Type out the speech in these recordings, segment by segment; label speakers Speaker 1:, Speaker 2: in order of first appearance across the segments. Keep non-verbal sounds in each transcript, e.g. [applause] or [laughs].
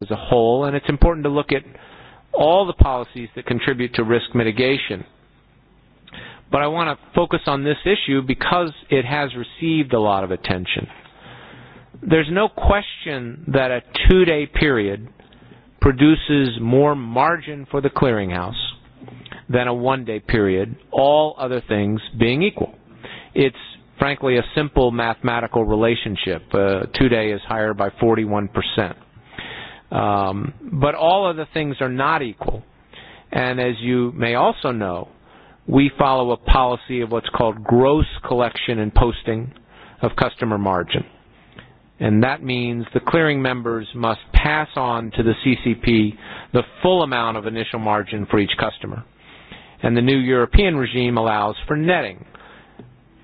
Speaker 1: as a whole, and it's important to look at all the policies that contribute to risk mitigation. But I want to focus on this issue because it has received a lot of attention. There's no question that a two-day period produces more margin for the clearinghouse than a one-day period, all other things being equal. It's frankly a simple mathematical relationship. Uh, two-day is higher by 41 percent Um, but all of the things are not equal. And as you may also know, we follow a policy of what's called gross collection and posting of customer margin. And that means the clearing members must pass on to the CCP the full amount of initial margin for each customer. And the new European regime allows for netting,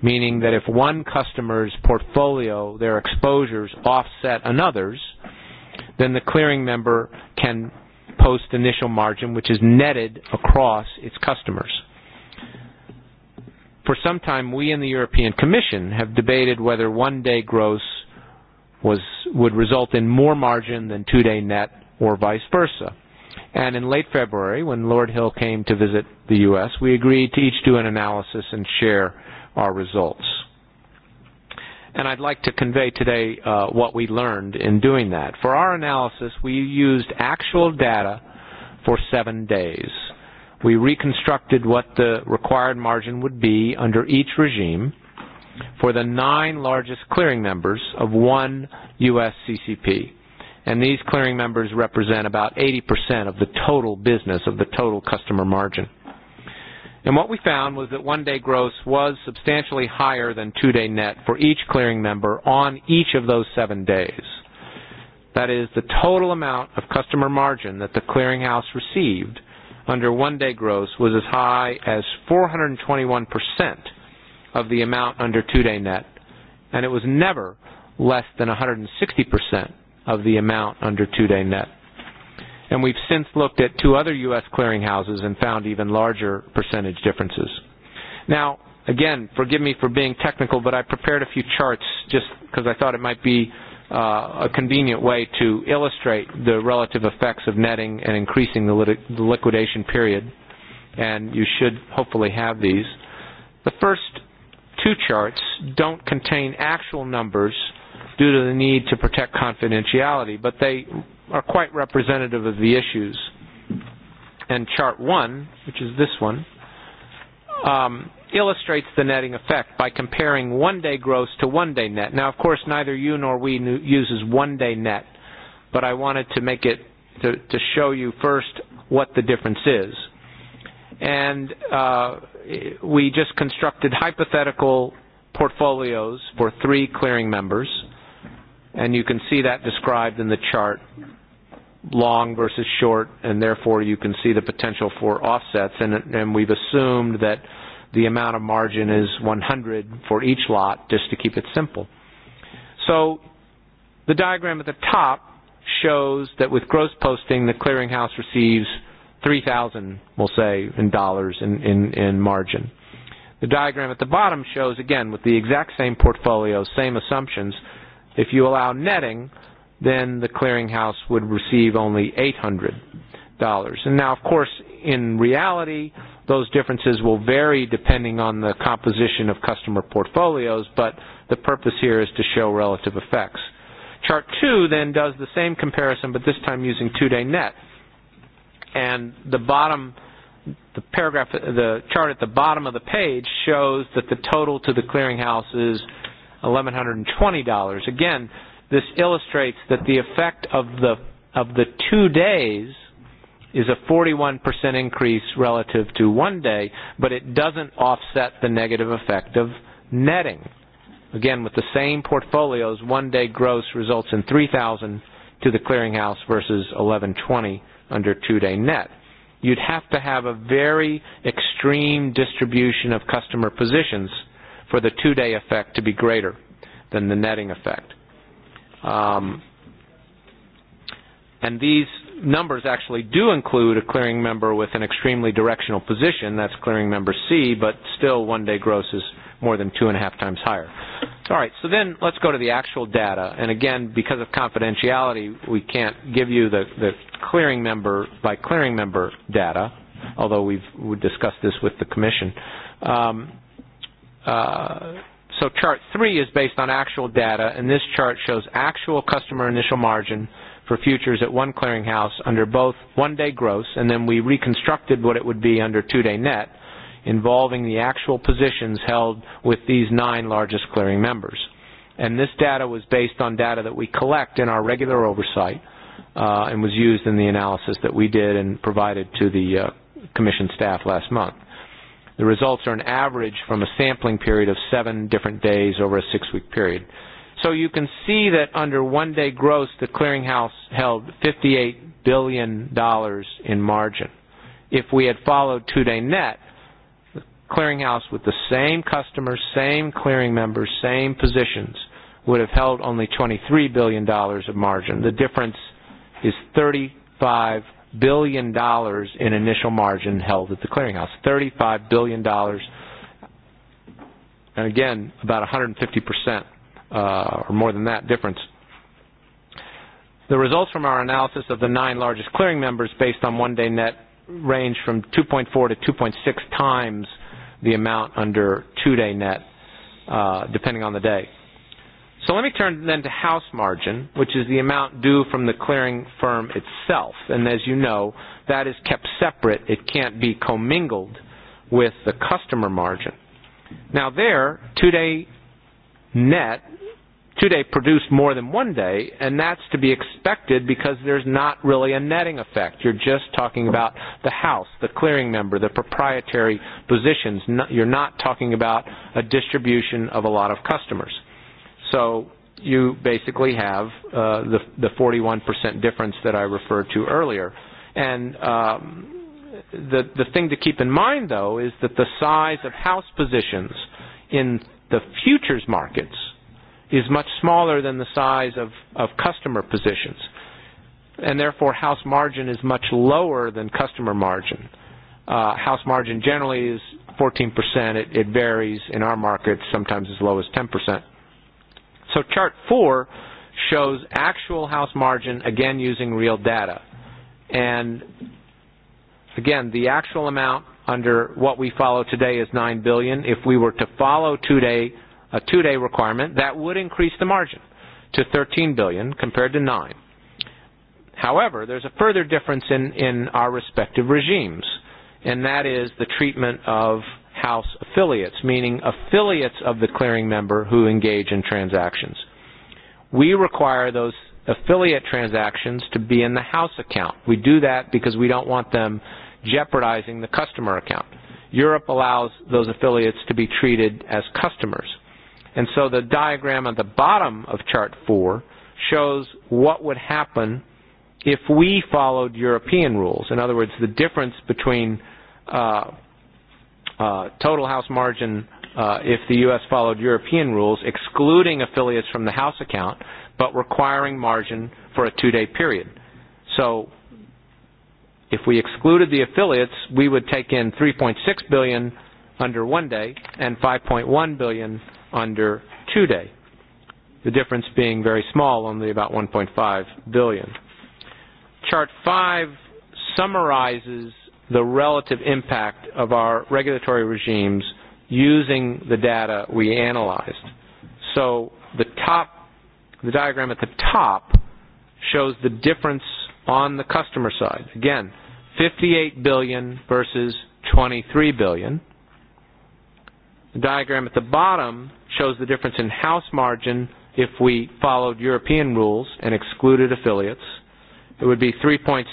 Speaker 1: meaning that if one customer's portfolio, their exposures offset another's, then the clearing member can post initial margin, which is netted across its customers. For some time, we in the European Commission have debated whether one-day gross was, would result in more margin than two-day net or vice versa. And in late February, when Lord Hill came to visit the U.S., we agreed to each do an analysis and share our results and I'd like to convey today uh, what we learned in doing that. For our analysis, we used actual data for seven days. We reconstructed what the required margin would be under each regime for the nine largest clearing members of one U.S. CCP. And these clearing members represent about 80% of the total business, of the total customer margin. And what we found was that one-day gross was substantially higher than two-day net for each clearing member on each of those seven days. That is, the total amount of customer margin that the clearinghouse received under one-day gross was as high as 421% of the amount under two-day net, and it was never less than 160% of the amount under two-day net and we've since looked at two other U.S. clearinghouses and found even larger percentage differences. Now, again, forgive me for being technical, but I prepared a few charts just because I thought it might be uh, a convenient way to illustrate the relative effects of netting and increasing the, lit the liquidation period. And you should hopefully have these. The first two charts don't contain actual numbers due to the need to protect confidentiality, but they are quite representative of the issues. And chart one, which is this one, um, illustrates the netting effect by comparing one-day gross to one-day net. Now, of course, neither you nor we uses one-day net, but I wanted to make it to, to show you first what the difference is. And uh, we just constructed hypothetical portfolios for three clearing members – And you can see that described in the chart, long versus short, and therefore you can see the potential for offsets. And, and we've assumed that the amount of margin is 100 for each lot, just to keep it simple. So the diagram at the top shows that with gross posting, the clearinghouse receives 3000 we'll say, in dollars in, in, in margin. The diagram at the bottom shows, again, with the exact same portfolio, same assumptions, If you allow netting, then the clearinghouse would receive only $800. And now, of course, in reality, those differences will vary depending on the composition of customer portfolios, but the purpose here is to show relative effects. Chart 2 then does the same comparison, but this time using two-day net. And the bottom, the paragraph, the chart at the bottom of the page shows that the total to the clearinghouse is $1,120. Again, this illustrates that the effect of the, of the two days is a 41% increase relative to one day, but it doesn't offset the negative effect of netting. Again, with the same portfolios, one day gross results in 3000 to the clearinghouse versus 1120 under two day net. You'd have to have a very extreme distribution of customer positions for the two-day effect to be greater than the netting effect. Um, and these numbers actually do include a clearing member with an extremely directional position, that's clearing member C, but still one day gross is more than two and a half times higher. All right, so then let's go to the actual data. And again, because of confidentiality, we can't give you the, the clearing member by clearing member data, although we've we discussed this with the Commission. Um, Uh, so chart three is based on actual data, and this chart shows actual customer initial margin for futures at one clearinghouse under both one-day gross, and then we reconstructed what it would be under two-day net, involving the actual positions held with these nine largest clearing members. And this data was based on data that we collect in our regular oversight uh, and was used in the analysis that we did and provided to the uh, Commission staff last month. The results are an average from a sampling period of seven different days over a six-week period. So you can see that under one day gross, the clearinghouse held $58 billion in margin. If we had followed two day net, the clearinghouse with the same customers, same clearing members, same positions would have held only $23 billion of margin. The difference is 35 billion dollars in initial margin held at the clearinghouse. Thirty-five billion dollars and again, about 150% uh, or more than that difference. The results from our analysis of the nine largest clearing members based on one-day net range from 2.4 to 2.6 times the amount under two-day net, uh, depending on the day. So let me turn then to house margin, which is the amount due from the clearing firm itself. And as you know, that is kept separate. It can't be commingled with the customer margin. Now there, two-day net, two-day produced more than one day, and that's to be expected because there's not really a netting effect. You're just talking about the house, the clearing member, the proprietary positions. You're not talking about a distribution of a lot of customers. So you basically have uh, the, the 41% difference that I referred to earlier. And um, the, the thing to keep in mind, though, is that the size of house positions in the futures markets is much smaller than the size of, of customer positions. And therefore, house margin is much lower than customer margin. Uh, house margin generally is 14%. It, it varies in our markets, sometimes as low as 10%. So chart four shows actual house margin, again using real data. And again, the actual amount under what we follow today is $9 billion. If we were to follow two-day, a two-day requirement, that would increase the margin to $13 billion compared to 9 However, there's a further difference in, in our respective regimes, and that is the treatment of house affiliates, meaning affiliates of the clearing member who engage in transactions. We require those affiliate transactions to be in the house account. We do that because we don't want them jeopardizing the customer account. Europe allows those affiliates to be treated as customers. And so the diagram at the bottom of chart four shows what would happen if we followed European rules. In other words, the difference between uh, Uh, total house margin, uh, if the U.S. followed European rules, excluding affiliates from the house account, but requiring margin for a two-day period. So if we excluded the affiliates, we would take in 3.6 billion under one day and 5.1 billion under two day. The difference being very small, only about 1.5 billion. Chart 5 summarizes the relative impact of our regulatory regimes using the data we analyzed. So the top, the diagram at the top shows the difference on the customer side. Again, 58 billion versus 23 billion. The diagram at the bottom shows the difference in house margin if we followed European rules and excluded affiliates it would be 3.6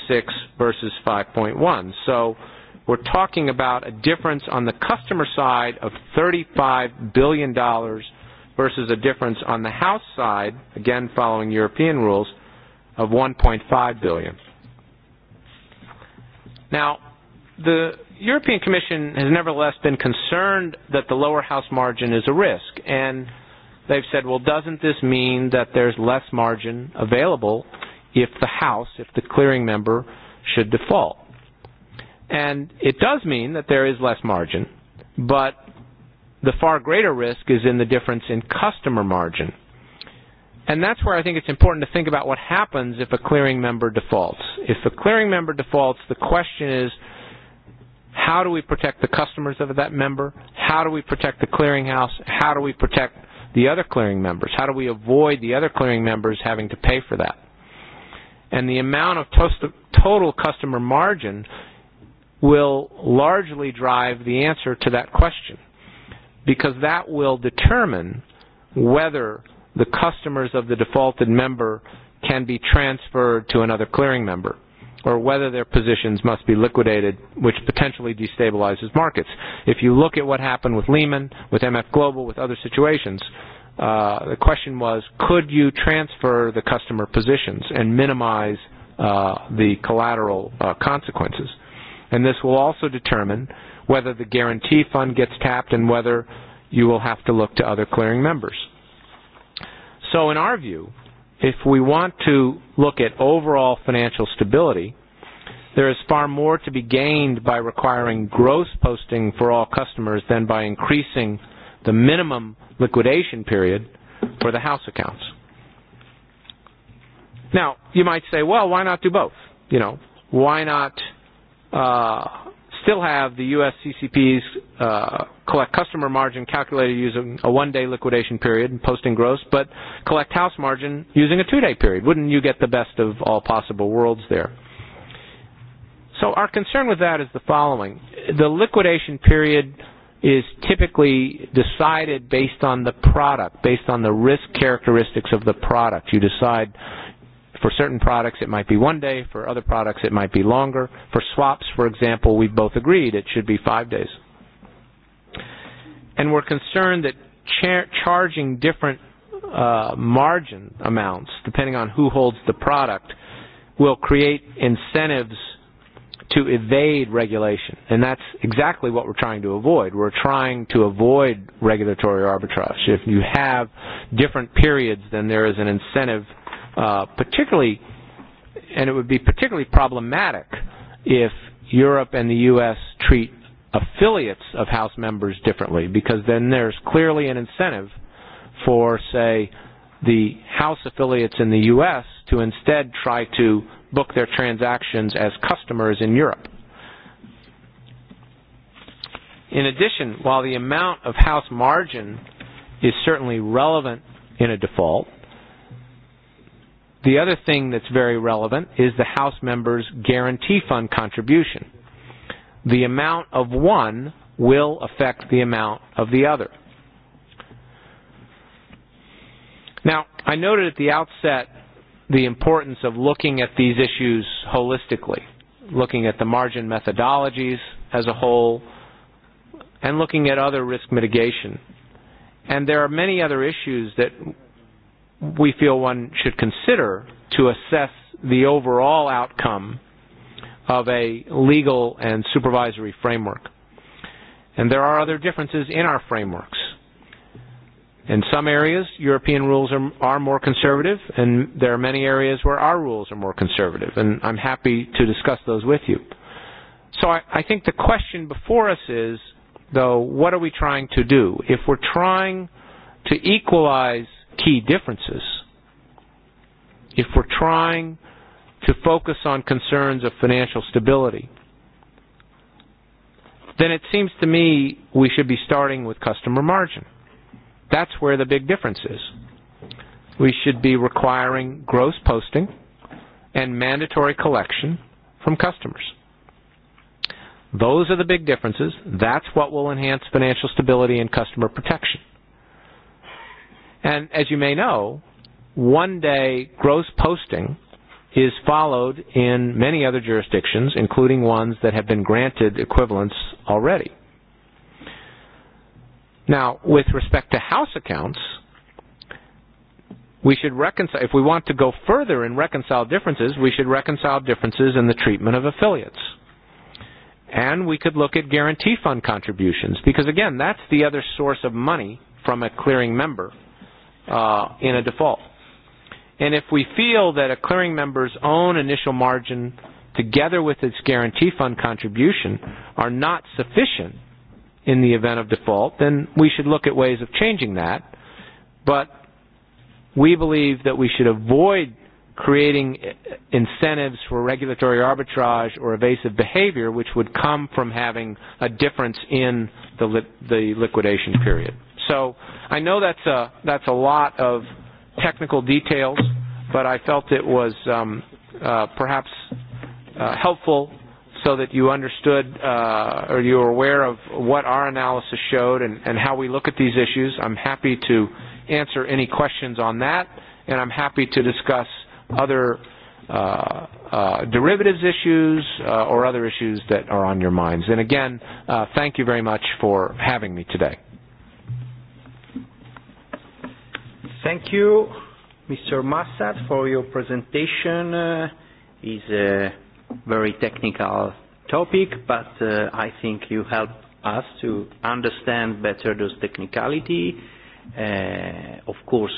Speaker 1: versus 5.1. So we're talking about a difference on the customer side of $35 billion versus a difference on the House side, again following European rules, of 1.5 billion. Now, the European Commission has nevertheless been concerned that the lower house margin is a risk, and they've said, well, doesn't this mean that there's less margin available if the House, if the clearing member should default. And it does mean that there is less margin, but the far greater risk is in the difference in customer margin. And that's where I think it's important to think about what happens if a clearing member defaults. If the clearing member defaults, the question is, how do we protect the customers of that member? How do we protect the clearing house? How do we protect the other clearing members? How do we avoid the other clearing members having to pay for that? and the amount of total customer margin will largely drive the answer to that question because that will determine whether the customers of the defaulted member can be transferred to another clearing member or whether their positions must be liquidated, which potentially destabilizes markets. If you look at what happened with Lehman, with MF Global, with other situations, uh, the question was, could you transfer the customer positions and minimize uh, the collateral uh, consequences? And this will also determine whether the guarantee fund gets tapped and whether you will have to look to other clearing members. So in our view, if we want to look at overall financial stability, there is far more to be gained by requiring gross posting for all customers than by increasing the minimum liquidation period for the house accounts. Now, you might say, well, why not do both? You know, why not uh, still have the U.S. CCPs uh, collect customer margin calculated using a one-day liquidation period and posting gross, but collect house margin using a two-day period? Wouldn't you get the best of all possible worlds there? So our concern with that is the following. The liquidation period is typically decided based on the product, based on the risk characteristics of the product. You decide for certain products it might be one day, for other products it might be longer. For swaps, for example, we've both agreed it should be five days. And we're concerned that char charging different uh, margin amounts, depending on who holds the product, will create incentives to evade regulation. And that's exactly what we're trying to avoid. We're trying to avoid regulatory arbitrage. If you have different periods, then there is an incentive, uh, particularly, and it would be particularly problematic if Europe and the U.S. treat affiliates of House members differently, because then there's clearly an incentive for, say, the House affiliates in the U.S. to instead try to book their transactions as customers in Europe. In addition, while the amount of house margin is certainly relevant in a default, the other thing that's very relevant is the house member's guarantee fund contribution. The amount of one will affect the amount of the other. Now, I noted at the outset the importance of looking at these issues holistically, looking at the margin methodologies as a whole, and looking at other risk mitigation. And there are many other issues that we feel one should consider to assess the overall outcome of a legal and supervisory framework. And there are other differences in our frameworks. In some areas, European rules are, are more conservative, and there are many areas where our rules are more conservative, and I'm happy to discuss those with you. So I, I think the question before us is, though, what are we trying to do? If we're trying to equalize key differences, if we're trying to focus on concerns of financial stability, then it seems to me we should be starting with customer margin. That's where the big difference is. We should be requiring gross posting and mandatory collection from customers. Those are the big differences. That's what will enhance financial stability and customer protection. And as you may know, one day gross posting is followed in many other jurisdictions, including ones that have been granted equivalents already. Now, with respect to house accounts, we should reconcile, if we want to go further and reconcile differences, we should reconcile differences in the treatment of affiliates. And we could look at guarantee fund contributions, because again, that's the other source of money from a clearing member uh, in a default. And if we feel that a clearing member's own initial margin, together with its guarantee fund contribution, are not sufficient in the event of default, then we should look at ways of changing that. But we believe that we should avoid creating incentives for regulatory arbitrage or evasive behavior which would come from having a difference in the li the liquidation period. So I know that's a that's a lot of technical details, but I felt it was um uh perhaps uh helpful so that you understood uh, or you were aware of what our analysis showed and, and how we look at these issues. I'm happy to answer any questions on that, and I'm happy to discuss other uh, uh, derivatives issues uh, or other issues that are on your minds. And again, uh, thank you very much for having me today.
Speaker 2: Thank you, Mr. Massad, for your presentation. Uh, is uh, very technical topic, but uh, I think you help us to understand better those technicality. Uh, of course,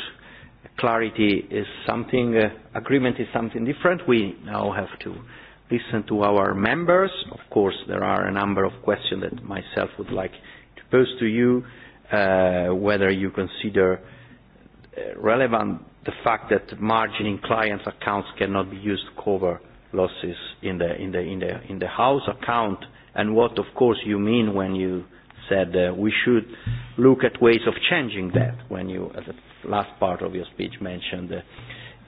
Speaker 2: clarity is something, uh, agreement is something different. We now have to listen to our members. Of course, there are a number of questions that myself would like to pose to you, uh, whether you consider uh, relevant the fact that margining clients' accounts cannot be used to cover losses in the in the in the in the house account and what of course you mean when you said uh, we should look at ways of changing that when you as the last part of your speech mentioned uh,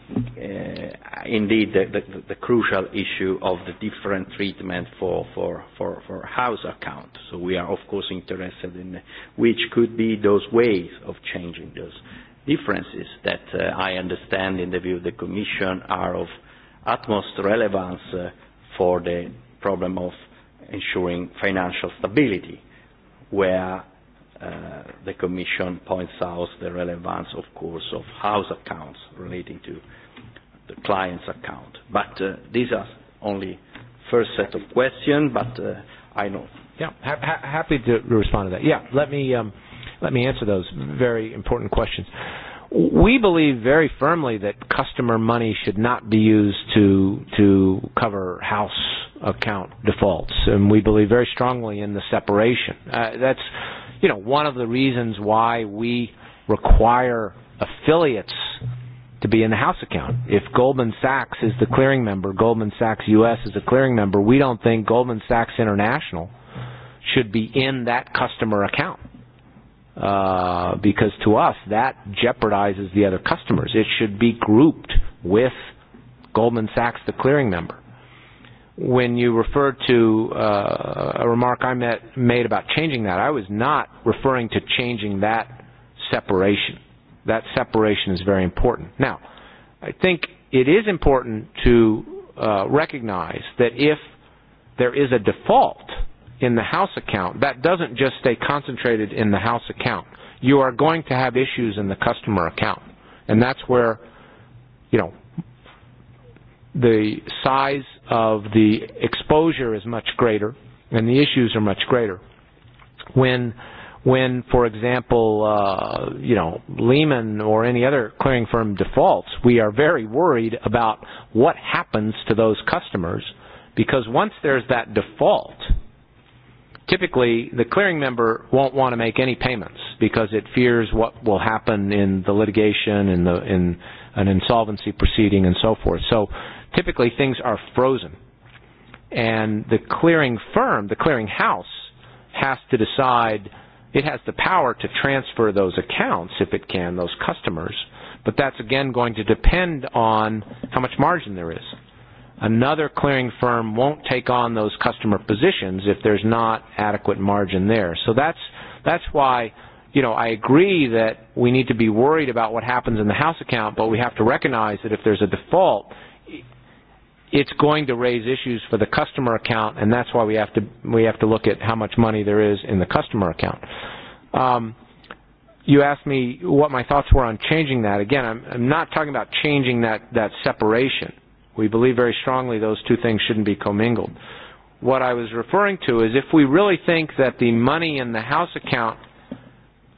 Speaker 2: uh, indeed the, the, crucial issue of the different treatment for, for, for, for house account. So we are of course interested in which could be those ways of changing those differences that I understand in the view of the Commission are of utmost relevance uh, for the problem of ensuring financial stability, where uh, the Commission points out the relevance, of course, of house accounts relating to the client's account. But uh, these are only first set of questions, but uh, I know. Yeah,
Speaker 1: ha ha happy to respond to that. Yeah, let me um, let me answer those very important questions. We believe very firmly that customer money should not be used to to cover house account defaults, and we believe very strongly in the separation. Uh, that's you know one of the reasons why we require affiliates to be in the house account. If Goldman Sachs is the clearing member, Goldman Sachs US is a clearing member, we don't think Goldman Sachs International should be in that customer account uh, because to us that jeopardizes the other customers. It should be grouped with Goldman Sachs, the clearing member. When you refer to uh, a remark I met, made about changing that, I was not referring to changing that separation. That separation is very important. Now, I think it is important to uh, recognize that if there is a default, in the house account, that doesn't just stay concentrated in the house account. You are going to have issues in the customer account. And that's where, you know, the size of the exposure is much greater and the issues are much greater. When, when for example, uh, you know, Lehman or any other clearing firm defaults, we are very worried about what happens to those customers because once there's that default – typically the clearing member won't want to make any payments because it fears what will happen in the litigation in the in an insolvency proceeding and so forth so typically things are frozen and the clearing firm the clearing house has to decide it has the power to transfer those accounts if it can those customers but that's again going to depend on how much margin there is another clearing firm won't take on those customer positions if there's not adequate margin there. So that's that's why you know, I agree that we need to be worried about what happens in the house account, but we have to recognize that if there's a default, it's going to raise issues for the customer account, and that's why we have to we have to look at how much money there is in the customer account. Um, you asked me what my thoughts were on changing that. Again, I'm, I'm not talking about changing that that separation. We believe very strongly those two things shouldn't be commingled. What I was referring to is if we really think that the money in the house account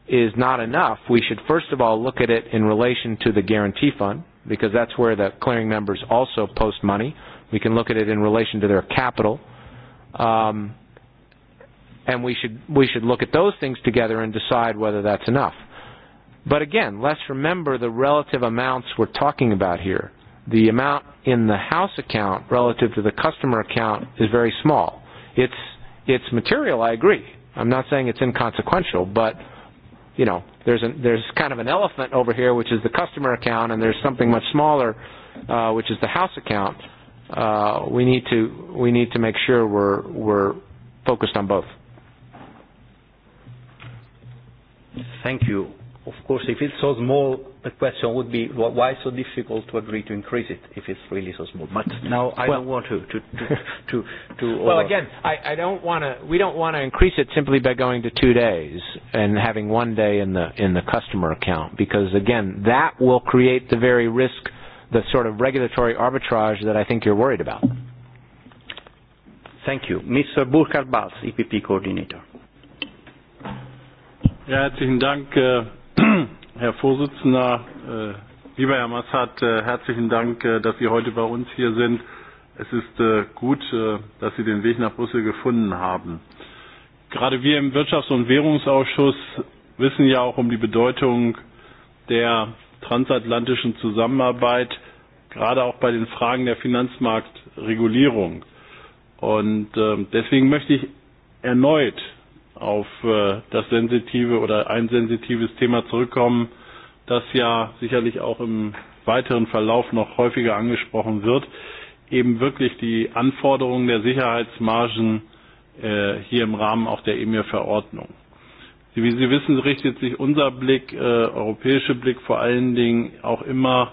Speaker 1: is not enough, we should first of all look at it in relation to the guarantee fund, because that's where the clearing members also post money. We can look at it in relation to their capital. Um, and we should, we should look at those things together and decide whether that's enough. But again, let's remember the relative amounts we're talking about here the amount in the house account relative to the customer account is very small. It's it's material, I agree. I'm not saying it's inconsequential, but you know, there's a, there's kind of an elephant over here, which is the customer account, and there's something much smaller, uh, which is the house account. Uh, we need to we need to make sure we're we're focused on both.
Speaker 2: Thank you. Of course, if it's so small, the question would be why so difficult to agree to increase it if it's really so small. But now I well, don't want to to to to. to [laughs] well, again,
Speaker 1: I, I don't want to. We don't want to increase it simply by going to two days and having one day in the in the customer account because again, that will create the very risk, the sort of regulatory arbitrage that I think you're worried about.
Speaker 2: Thank you, Mr. Burkhard Balz, EPP coordinator.
Speaker 3: herzlichen Dank. Äh, Herr Vorsitzender, äh, lieber Herr Massad, äh, herzlichen Dank, äh, dass Sie heute bei uns hier sind. Es ist gut, dass Sie den Weg nach Brüssel gefunden haben. Gerade wir im Wirtschafts- und Währungsausschuss wissen ja auch um die Bedeutung der transatlantischen Zusammenarbeit, gerade auch bei den Fragen der Finanzmarktregulierung. Und ähm, deswegen möchte ich erneut auf äh, das sensitive oder ein sensitives Thema zurückkommen, das ja sicherlich auch im weiteren Verlauf noch häufiger angesprochen wird, eben wirklich die Anforderungen der Sicherheitsmargen äh, hier im Rahmen auch der EMIR-Verordnung. Wie Sie wissen, richtet sich unser Blick, äh, europäischer Blick vor allen Dingen auch immer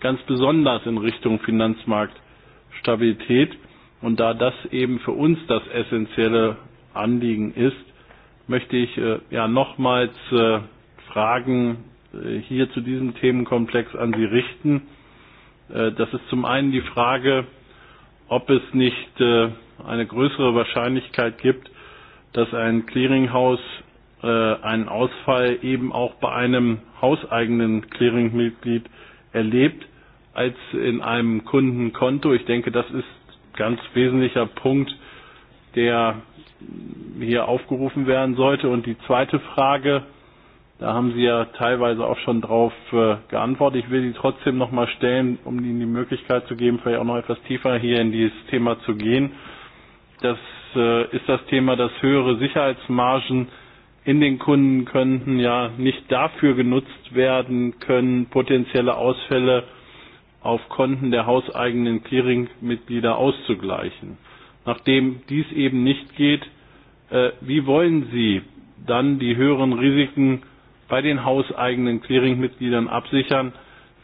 Speaker 3: ganz besonders in Richtung Finanzmarktstabilität. Und da das eben für uns das essentielle Anliegen ist, möchte ich äh, ja nochmals äh, Fragen äh, hier zu diesem Themenkomplex an Sie richten. Äh, das ist zum einen die Frage, ob es nicht äh, eine größere Wahrscheinlichkeit gibt, dass ein clearinghaus äh, einen Ausfall eben auch bei einem hauseigenen Clearingmitglied erlebt als in einem Kundenkonto. Ich denke, das ist ein ganz wesentlicher Punkt, der hier aufgerufen werden sollte. Und die zweite Frage, da haben Sie ja teilweise auch schon drauf äh, geantwortet. Ich will sie trotzdem noch mal stellen, um Ihnen die Möglichkeit zu geben, vielleicht auch noch etwas tiefer hier in dieses Thema zu gehen. Das äh, ist das Thema, dass höhere Sicherheitsmargen in den Kunden könnten ja nicht dafür genutzt werden können, potenzielle Ausfälle auf Konten der hauseigenen Clearingmitglieder auszugleichen. Nachdem dies eben nicht geht, äh, wie wollen Sie dann die höheren Risiken bei den hauseigenen Clearingmitgliedern absichern,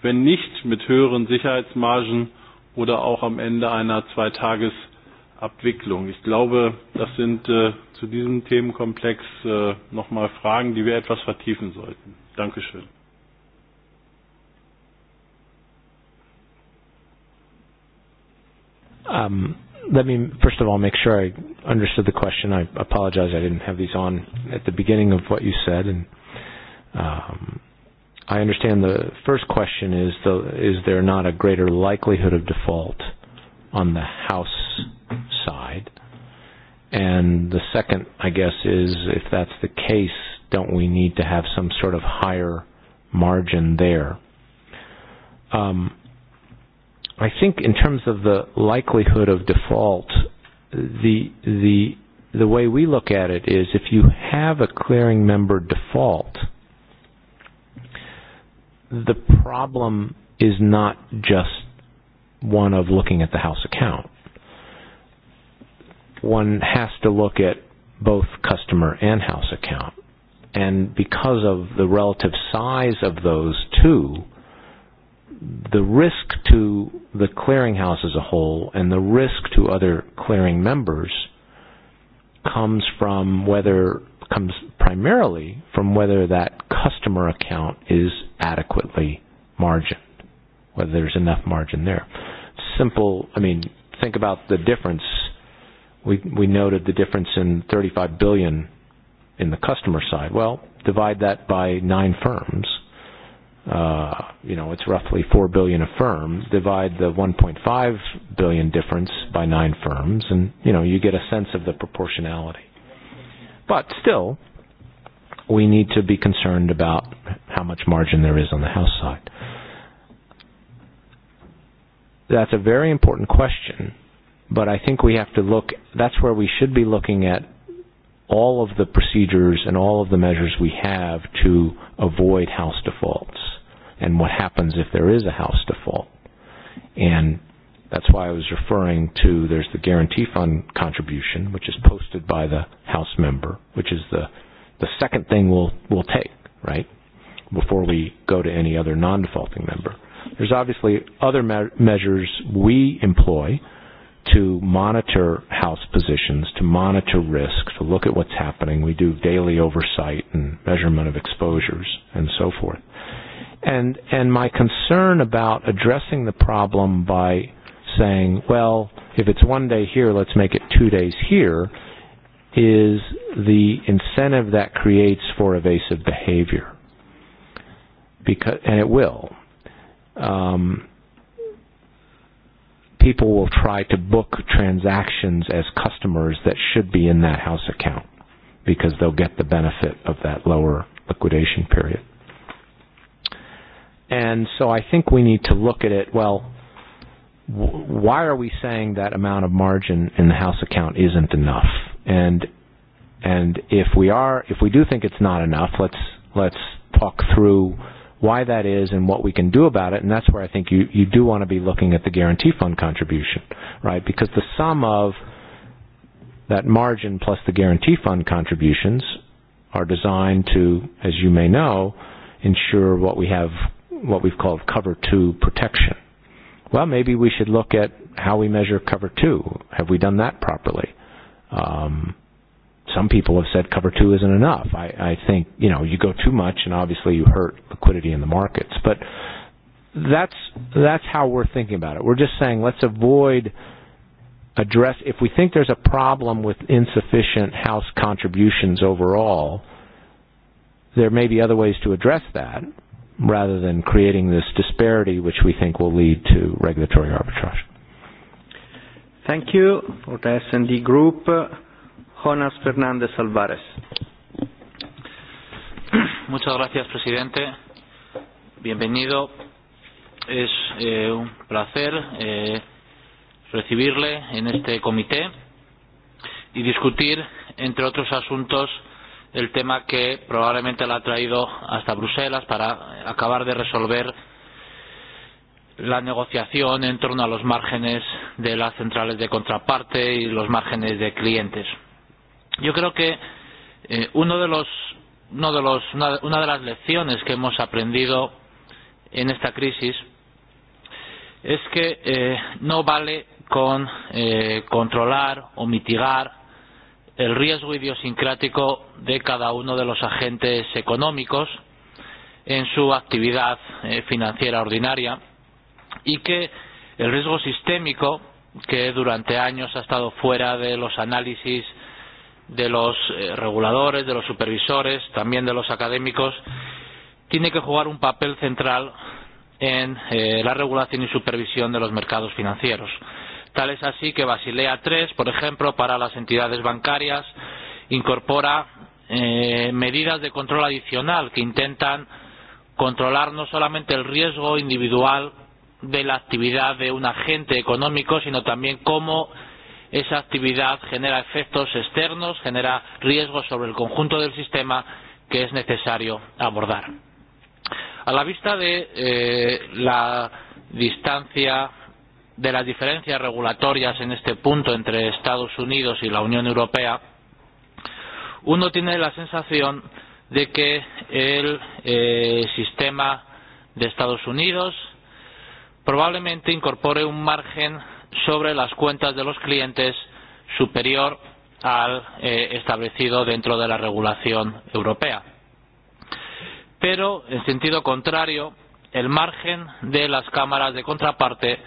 Speaker 3: wenn nicht mit höheren Sicherheitsmargen oder auch am Ende einer Zweitagesabwicklung. Ich glaube, das sind äh, zu diesem Themenkomplex äh, mal Fragen, die wir etwas vertiefen sollten. Dankeschön.
Speaker 1: Um, let me first of all make sure I understood the question. I apologize I didn't have these on at the beginning of what you said and um, I understand the first question is the is there not a greater likelihood of default on the house side? And the second, I guess, is if that's the case, don't we need to have some sort of higher margin there? Um, i think in terms of the likelihood of default, the the the way we look at it is if you have a clearing member default, the problem is not just one of looking at the house account. One has to look at both customer and house account. And because of the relative size of those two, the risk to the clearinghouse as a whole and the risk to other clearing members comes from whether comes primarily from whether that customer account is adequately margined, whether there's enough margin there. Simple, I mean, think about the difference. We, we noted the difference in 35 billion in the customer side. Well, divide that by nine firms uh, you know, it's roughly four billion a firm. Divide the 1.5 billion difference by nine firms, and you know, you get a sense of the proportionality. But still, we need to be concerned about how much margin there is on the house side. That's a very important question, but I think we have to look. That's where we should be looking at all of the procedures and all of the measures we have to avoid house defaults and what happens if there is a house default. And that's why I was referring to there's the guarantee fund contribution, which is posted by the house member, which is the the second thing we'll we'll take, right? Before we go to any other non-defaulting member. There's obviously other measures we employ to monitor house positions, to monitor risk, to look at what's happening. We do daily oversight and measurement of exposures and so forth. And and my concern about addressing the problem by saying, well, if it's one day here, let's make it two days here, is the incentive that creates for evasive behavior. Because and it will. Um, people will try to book transactions as customers that should be in that house account because they'll get the benefit of that lower liquidation period. And so I think we need to look at it, well, why are we saying that amount of margin in the house account isn't enough? And and if we are, if we do think it's not enough, let's let's talk through why that is and what we can do about it. And that's where I think you, you do want to be looking at the guarantee fund contribution, right? Because the sum of that margin plus the guarantee fund contributions are designed to, as you may know, ensure what we have, what we've called cover two protection. Well, maybe we should look at how we measure cover two. Have we done that properly? Um, some people have said cover two isn't enough. I, I think, you know, you go too much and obviously you hurt liquidity in the markets. But that's that's how we're thinking about it. We're just saying let's avoid address if we think there's a problem with insufficient house contributions overall, there may be other ways to address that rather than creating this disparity which we think will lead to regulatory arbitrage.
Speaker 2: Thank you for the D group. Jonas Fernandez Alvarez.
Speaker 4: Muchas gracias, presidente bienvenido. Es eh, un placer eh, recibirle en este comité y discutir, entre otros asuntos, el tema que probablemente la ha traído hasta Bruselas para acabar de resolver la negociación en torno a los márgenes de las centrales de contraparte y los márgenes de clientes. Yo creo que eh, uno de los, uno de los, una de las lecciones que hemos aprendido en esta crisis es que eh, no vale con eh, controlar o mitigar el riesgo idiosincrático de cada uno de los agentes económicos en su actividad eh, financiera ordinaria y que el riesgo sistémico que durante años ha estado fuera de los análisis de los eh, reguladores, de los supervisores, también de los académicos tiene que jugar un papel central en eh, la regulación y supervisión de los mercados financieros. Tal es así que Basilea III, por ejemplo, para las entidades bancarias, incorpora eh, medidas de control adicional que intentan controlar no solamente el riesgo individual de la actividad de un agente económico, sino también cómo esa actividad genera efectos externos, genera riesgos sobre el conjunto del sistema que es necesario abordar a la vista de eh, la distancia de las diferencias regulatorias en este punto entre Estados Unidos y la Unión Europea, uno tiene la sensación de que el eh, sistema de Estados Unidos probablemente incorpore un margen sobre las cuentas de los clientes superior al eh, establecido dentro de la regulación europea pero en sentido contrario el margen de las cámaras de contraparte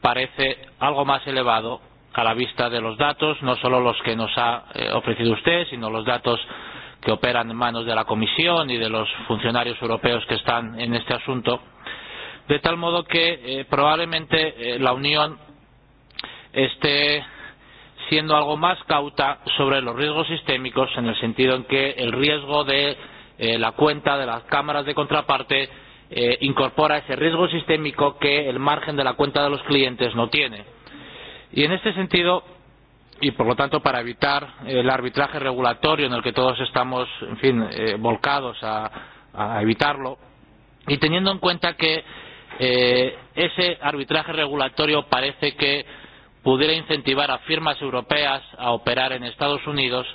Speaker 4: parece algo más elevado a la vista de los datos, no solo los que nos ha eh, ofrecido usted, sino los datos que operan en manos de la Comisión y de los funcionarios europeos que están en este asunto, de tal modo que eh, probablemente eh, la Unión esté siendo algo más cauta sobre los riesgos sistémicos, en el sentido en que el riesgo de Eh, la cuenta de las cámaras de contraparte eh, incorpora ese riesgo sistémico que el margen de la cuenta de los clientes no tiene. Y en este sentido, y por lo tanto para evitar el arbitraje regulatorio en el que todos estamos, en fin, eh, volcados a, a evitarlo, y teniendo en cuenta que eh, ese arbitraje regulatorio parece que pudiera incentivar a firmas europeas a operar en Estados Unidos,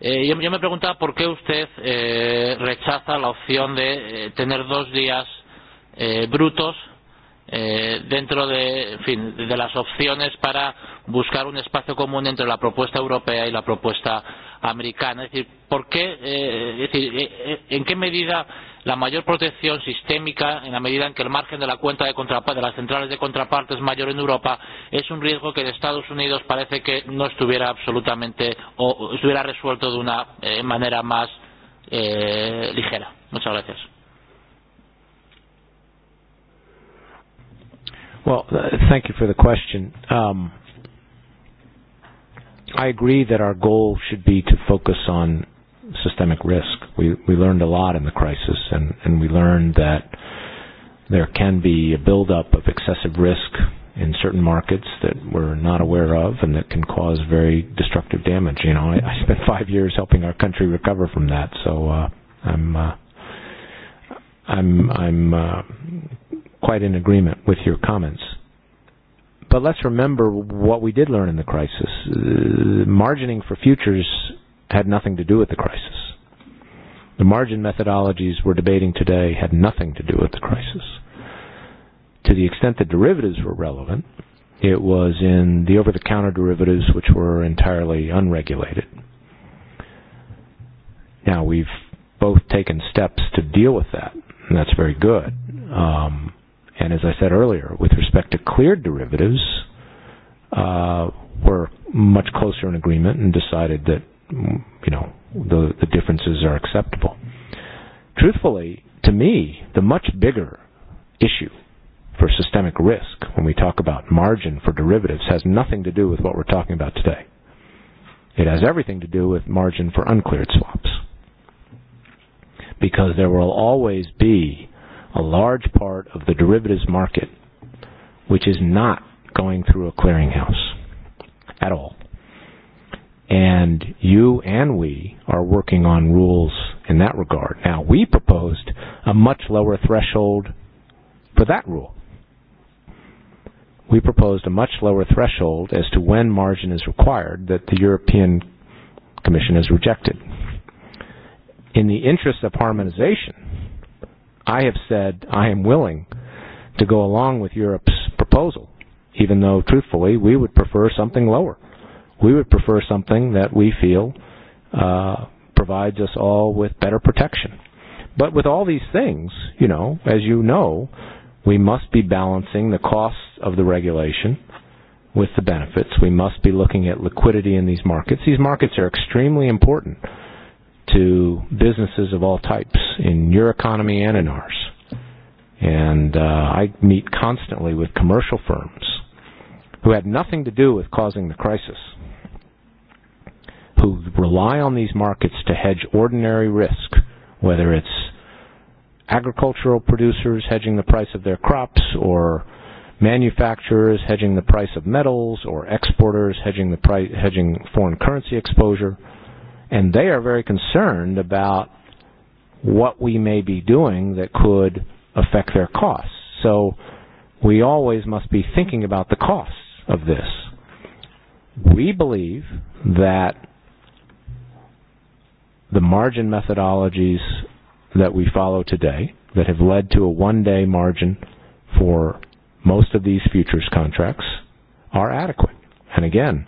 Speaker 4: Eh, yo, yo me preguntaba por qué usted eh, rechaza la opción de eh, tener dos días eh, brutos eh, dentro de, en fin, de las opciones para buscar un espacio común entre la propuesta europea y la propuesta americana. Es decir, ¿por qué, eh, es decir, eh, eh, ¿en qué medida la mayor protección sistémica en la medida en que el margen de la cuenta de, de las centrales de contraparte es mayor en Europa es un riesgo que en Estados Unidos parece que no estuviera absolutamente o estuviera resuelto de una eh, manera más eh, ligera. Muchas gracias.
Speaker 1: Well, uh, thank you for the question. Um, I agree that our goal should be to focus on systemic risk we we learned a lot in the crisis, and and we learned that there can be a build up of excessive risk in certain markets that we're not aware of and that can cause very destructive damage. You know, I, I spent [laughs] five years helping our country recover from that, so uh, I'm uh, I'm I'm uh, quite in agreement with your comments. But let's remember what we did learn in the crisis. Uh, margining for futures had nothing to do with the crisis. The margin methodologies we're debating today had nothing to do with the crisis. To the extent that derivatives were relevant, it was in the over-the-counter derivatives, which were entirely unregulated. Now, we've both taken steps to deal with that, and that's very good. Um, and as I said earlier, with respect to cleared derivatives, uh, we're much closer in agreement and decided that you know, the, the differences are acceptable. Truthfully, to me, the much bigger issue for systemic risk when we talk about margin for derivatives has nothing to do with what we're talking about today. It has everything to do with margin for uncleared swaps. Because there will always be a large part of the derivatives market which is not going through a clearinghouse at all and you and we are working on rules in that regard. Now, we proposed a much lower threshold for that rule. We proposed a much lower threshold as to when margin is required that the European Commission has rejected. In the interest of harmonization, I have said I am willing to go along with Europe's proposal, even though, truthfully, we would prefer something lower we would prefer something that we feel uh, provides us all with better protection. But with all these things, you know, as you know, we must be balancing the costs of the regulation with the benefits. We must be looking at liquidity in these markets. These markets are extremely important to businesses of all types in your economy and in ours. And uh, I meet constantly with commercial firms who had nothing to do with causing the crisis who rely on these markets to hedge ordinary risk, whether it's agricultural producers hedging the price of their crops or manufacturers hedging the price of metals or exporters hedging the price hedging foreign currency exposure and they are very concerned about what we may be doing that could affect their costs so we always must be thinking about the costs of this we believe that the margin methodologies that we follow today that have led to a one-day margin for most of these futures contracts are adequate. And again,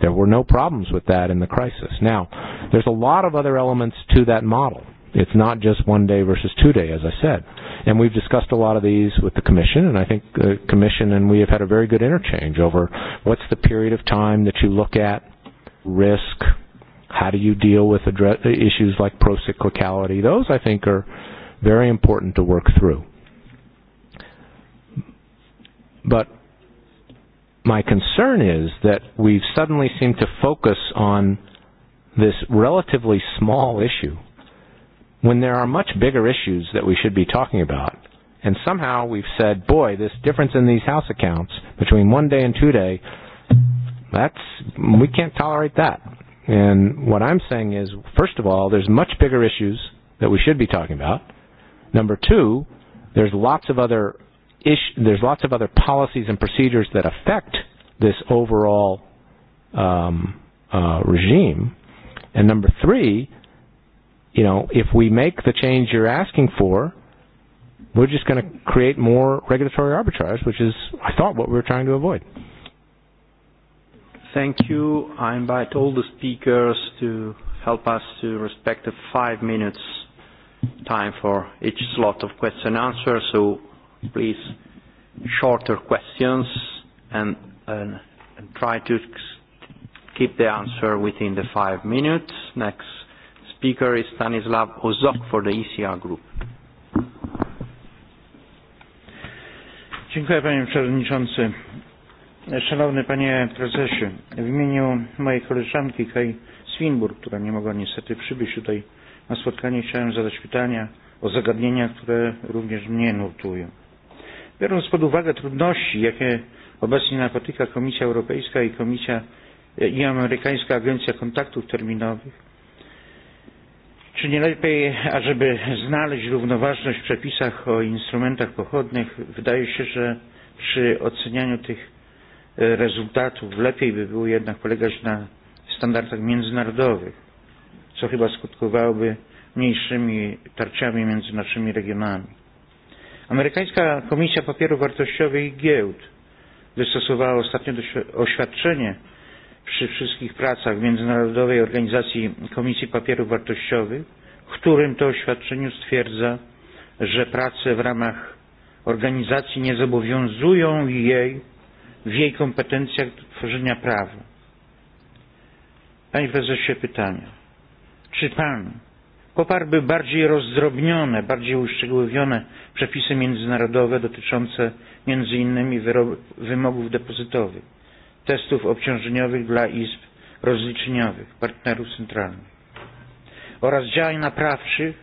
Speaker 1: there were no problems with that in the crisis. Now, there's a lot of other elements to that model. It's not just one day versus two day, as I said. And we've discussed a lot of these with the Commission, and I think the Commission and we have had a very good interchange over what's the period of time that you look at risk, How do you deal with address, issues like procyclicality? Those, I think, are very important to work through. But my concern is that we've suddenly seemed to focus on this relatively small issue when there are much bigger issues that we should be talking about. And somehow we've said, boy, this difference in these house accounts between one day and two day, that's, we can't tolerate that. And what I'm saying is, first of all, there's much bigger issues that we should be talking about. Number two, there's lots of other ish, there's lots of other policies and procedures that affect this overall um, uh, regime. And number three, you know, if we make the change you're asking for, we're just going to create more regulatory arbitrage, which is, I thought, what we were trying to avoid.
Speaker 2: Thank you. I invite all the speakers to help us to respect the five minutes time for each slot of question and answer. So please, shorter questions and, and, try to keep the answer within the five minutes. Next speaker is Stanislav Ozok for the ECR Group.
Speaker 5: Dziękuję Panie Przewodniczący Szanowny Panie Prezesie, w imieniu mojej koleżanki Kai Swinburg, która nie mogła niestety przybyć tutaj na spotkanie, chciałem zadać pytania o zagadnienia, które również mnie nurtują. Biorąc pod uwagę trudności, jakie obecnie napotyka Komisja Europejska i Komisja i Amerykańska Agencja Kontaktów Terminowych, czy nie lepiej, ażeby znaleźć równoważność w przepisach o instrumentach pochodnych? Wydaje się, że przy ocenianiu tych rezultatów lepiej by było jednak polegać na standardach międzynarodowych, co chyba skutkowałoby mniejszymi tarciami między naszymi regionami. Amerykańska Komisja Papierów Wartościowych i Giełd wystosowała ostatnio oświadczenie przy wszystkich pracach Międzynarodowej Organizacji Komisji Papierów Wartościowych, w którym to oświadczeniu stwierdza, że prace w ramach organizacji nie zobowiązują jej w jej kompetencjach do tworzenia prawa. Panie prezesie, pytania. Czy pan poparłby bardziej rozdrobnione, bardziej uszczegółowione przepisy międzynarodowe dotyczące między innymi wymogów depozytowych, testów obciążeniowych dla izb rozliczeniowych, partnerów centralnych oraz działań naprawczych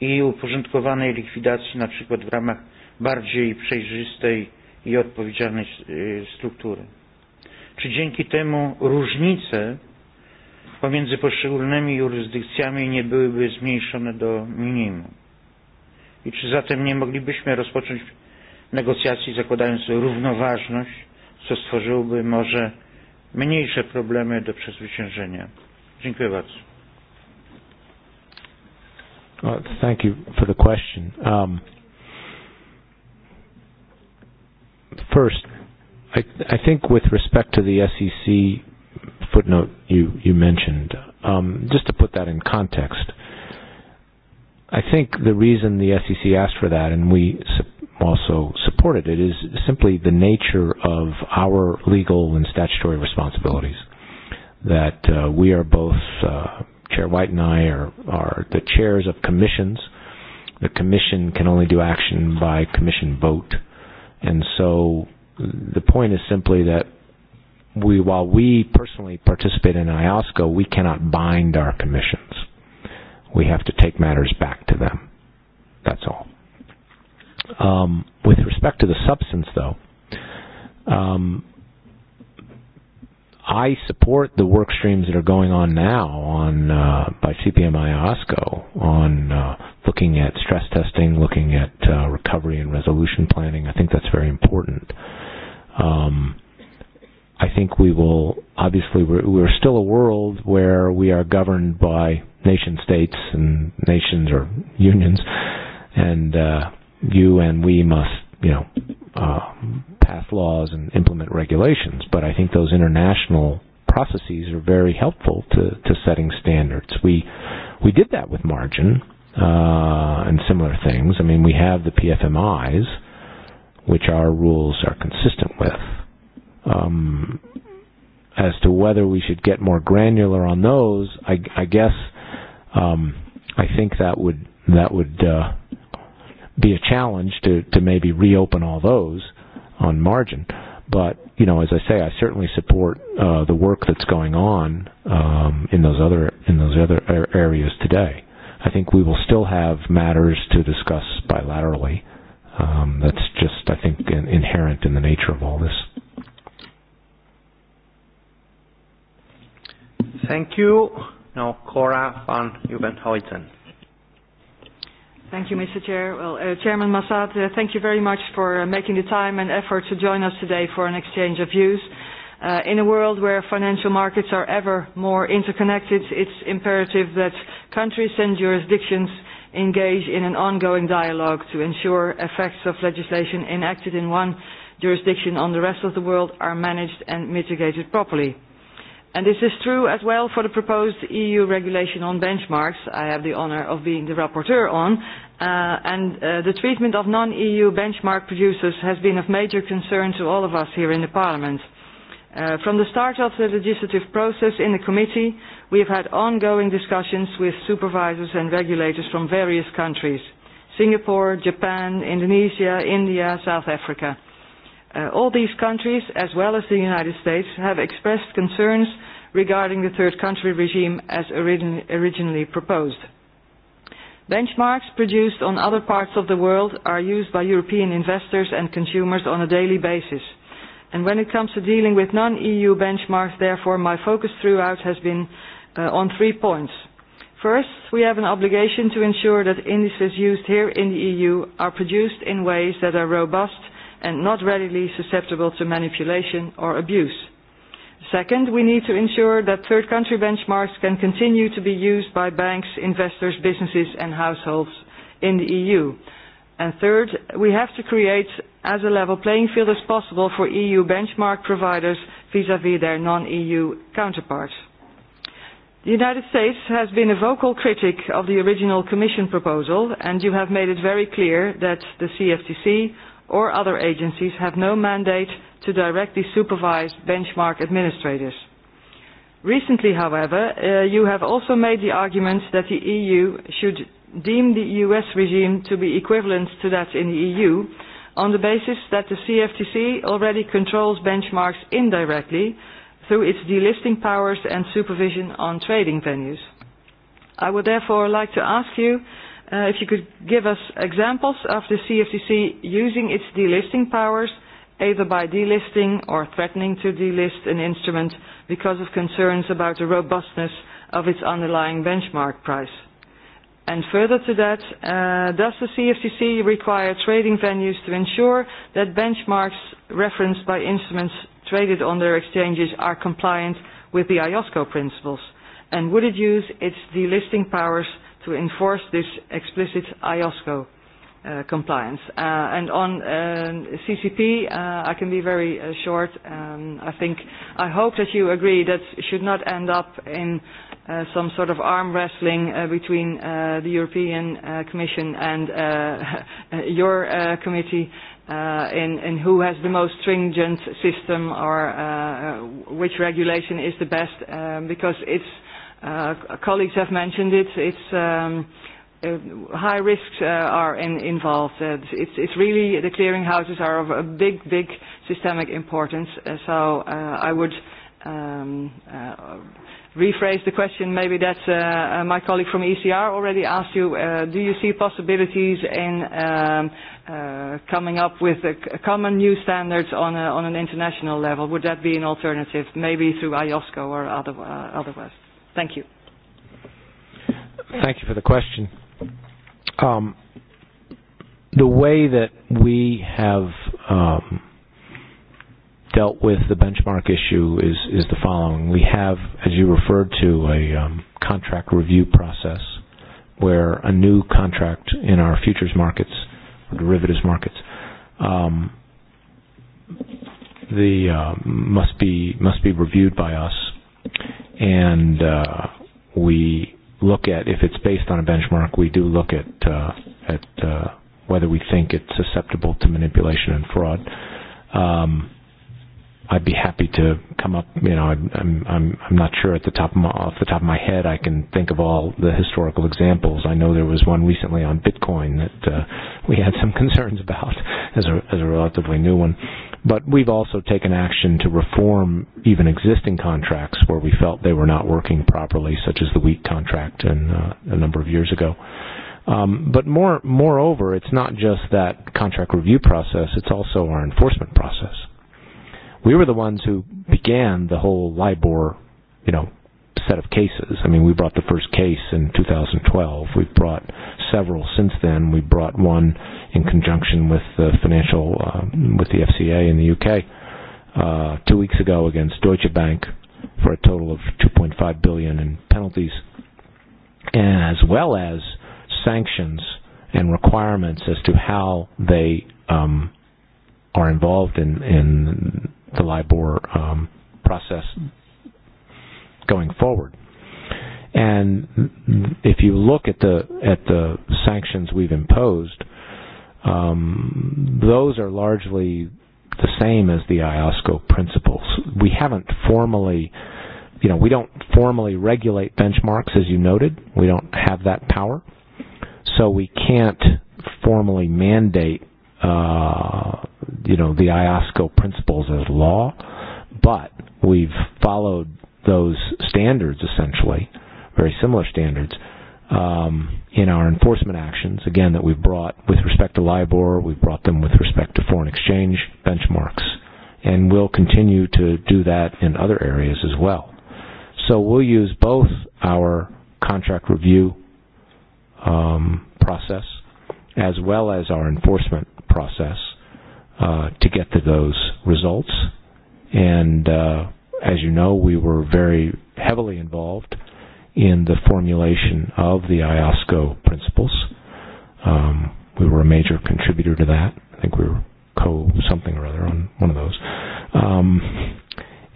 Speaker 5: i uporządkowanej likwidacji na przykład w ramach bardziej przejrzystej i odpowiedzialnej struktury. Czy dzięki temu różnice pomiędzy poszczególnymi jurysdykcjami nie byłyby zmniejszone do minimum? I czy zatem nie moglibyśmy rozpocząć negocjacji zakładając równoważność, co stworzyłoby może mniejsze problemy do przezwyciężenia? Dziękuję bardzo.
Speaker 1: Well, thank you for the question. Um, First, I, I think with respect to the SEC footnote you, you mentioned, um, just to put that in context, I think the reason the SEC asked for that and we also supported it is simply the nature of our legal and statutory responsibilities. That uh, we are both, uh, Chair White and I are, are the chairs of commissions. The commission can only do action by commission vote. And so the point is simply that we, while we personally participate in IOSCO, we cannot bind our commissions. We have to take matters back to them. That's all. Um, with respect to the substance, though, um, i support the work streams that are going on now on uh, by CPMI OSCO on uh, looking at stress testing, looking at uh, recovery and resolution planning. I think that's very important. Um, I think we will obviously we're, we're still a world where we are governed by nation states and nations or [laughs] unions, and uh, you and we must you know, uh, pass laws and implement regulations, but I think those international processes are very helpful to, to setting standards. We we did that with margin uh, and similar things. I mean, we have the PFMIs, which our rules are consistent with. Um, as to whether we should get more granular on those, I, I guess um, I think that would that would uh, be a challenge to, to maybe reopen all those on margin. But, you know, as I say, I certainly support uh, the work that's going on um, in those other in those other areas today. I think we will still have matters to discuss bilaterally. Um, that's just, I think, in, inherent in the nature of all this.
Speaker 2: Thank you. Now, Cora van Jubenhuizen.
Speaker 6: Thank you, Mr. Chair. Well, uh, Chairman Massad, uh, thank you very much for uh, making the time and effort to join us today for an exchange of views. Uh, in a world where financial markets are ever more interconnected, it's imperative that countries and jurisdictions engage in an ongoing dialogue to ensure effects of legislation enacted in one jurisdiction on the rest of the world are managed and mitigated properly. And this is true as well for the proposed EU regulation on benchmarks I have the honor of being the rapporteur on. Uh, and uh, the treatment of non-EU benchmark producers has been of major concern to all of us here in the Parliament. Uh, from the start of the legislative process in the committee, we have had ongoing discussions with supervisors and regulators from various countries, Singapore, Japan, Indonesia, India, South Africa. Uh, all these countries, as well as the United States, have expressed concerns regarding the third country regime as origin originally proposed. Benchmarks produced on other parts of the world are used by European investors and consumers on a daily basis. And when it comes to dealing with non-EU benchmarks, therefore, my focus throughout has been uh, on three points. First, we have an obligation to ensure that indices used here in the EU are produced in ways that are robust and not readily susceptible to manipulation or abuse. Second, we need to ensure that third country benchmarks can continue to be used by banks, investors, businesses and households in the EU. And third, we have to create as a level playing field as possible for EU benchmark providers vis-à-vis -vis their non-EU counterparts. The United States has been a vocal critic of the original Commission proposal, and you have made it very clear that the CFTC or other agencies have no mandate to directly supervise benchmark administrators. Recently, however, uh, you have also made the argument that the EU should deem the US regime to be equivalent to that in the EU on the basis that the CFTC already controls benchmarks indirectly through its delisting powers and supervision on trading venues. I would therefore like to ask you Uh, if you could give us examples of the CFTC using its delisting powers, either by delisting or threatening to delist an instrument because of concerns about the robustness of its underlying benchmark price. And further to that, uh, does the CFTC require trading venues to ensure that benchmarks referenced by instruments traded on their exchanges are compliant with the IOSCO principles? And would it use its delisting powers to enforce this explicit IOSCO uh, compliance. Uh, and on um, CCP, uh, I can be very uh, short. Um, I think, I hope that you agree that should not end up in uh, some sort of arm wrestling uh, between uh, the European uh, Commission and uh, [laughs] your uh, committee uh, in, in who has the most stringent system or uh, which regulation is the best, um, because it's Uh, colleagues have mentioned it. It's um, uh, high risks uh, are in, involved. Uh, it's, it's really the clearing houses are of a big, big systemic importance. Uh, so uh, I would um, uh, rephrase the question maybe that uh, uh my colleague from ECR already asked you. Uh, do you see possibilities in um, uh, coming up with a, a common new standards on, a, on an international level? Would that be an alternative, maybe through IOSCO or other, uh, otherwise? Thank you.
Speaker 1: Thank you for the question. Um, the way that we have um, dealt with the benchmark issue is, is the following. We have, as you referred to, a um, contract review process where a new contract in our futures markets, or derivatives markets, um, the uh, must be must be reviewed by us and uh, we look at if it's based on a benchmark, we do look at uh, at uh, whether we think it's susceptible to manipulation and fraud. Um, I'd be happy to come up. You know, I'm I'm I'm not sure at the top of my, off the top of my head I can think of all the historical examples. I know there was one recently on Bitcoin that uh, we had some [laughs] concerns about as a as a relatively new one. But we've also taken action to reform even existing contracts where we felt they were not working properly, such as the wheat contract and uh, a number of years ago. Um, but more moreover, it's not just that contract review process; it's also our enforcement process we were the ones who began the whole LIBOR, you know, set of cases. I mean, we brought the first case in 2012. We've brought several since then. We brought one in conjunction with the financial, uh, with the FCA in the UK uh, two weeks ago against Deutsche Bank for a total of 2.5 billion in penalties, as well as sanctions and requirements as to how they um, are involved in, in the LIBOR um, process going forward. And if you look at the at the sanctions we've imposed, um, those are largely the same as the IOSCO principles. We haven't formally, you know, we don't formally regulate benchmarks, as you noted. We don't have that power, so we can't formally mandate uh, you know, the IOSCO principles as law, but we've followed those standards essentially, very similar standards, um, in our enforcement actions, again, that we've brought with respect to LIBOR, we've brought them with respect to foreign exchange benchmarks, and we'll continue to do that in other areas as well. So we'll use both our contract review um, process as well as our enforcement process uh, to get to those results. And uh, as you know, we were very heavily involved in the formulation of the IOSCO principles. Um, we were a major contributor to that. I think we were co something or other on one of those. Um,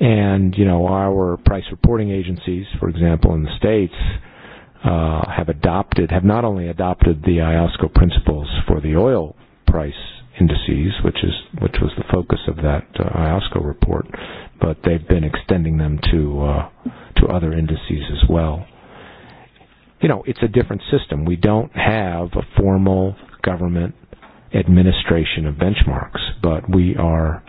Speaker 1: and, you know, our price reporting agencies, for example, in the States, uh, have adopted, have not only adopted the IOSCO principles for the oil price indices, which is which was the focus of that uh, IOSCO report, but they've been extending them to uh, to other indices as well. You know, it's a different system. We don't have a formal government administration of benchmarks, but we are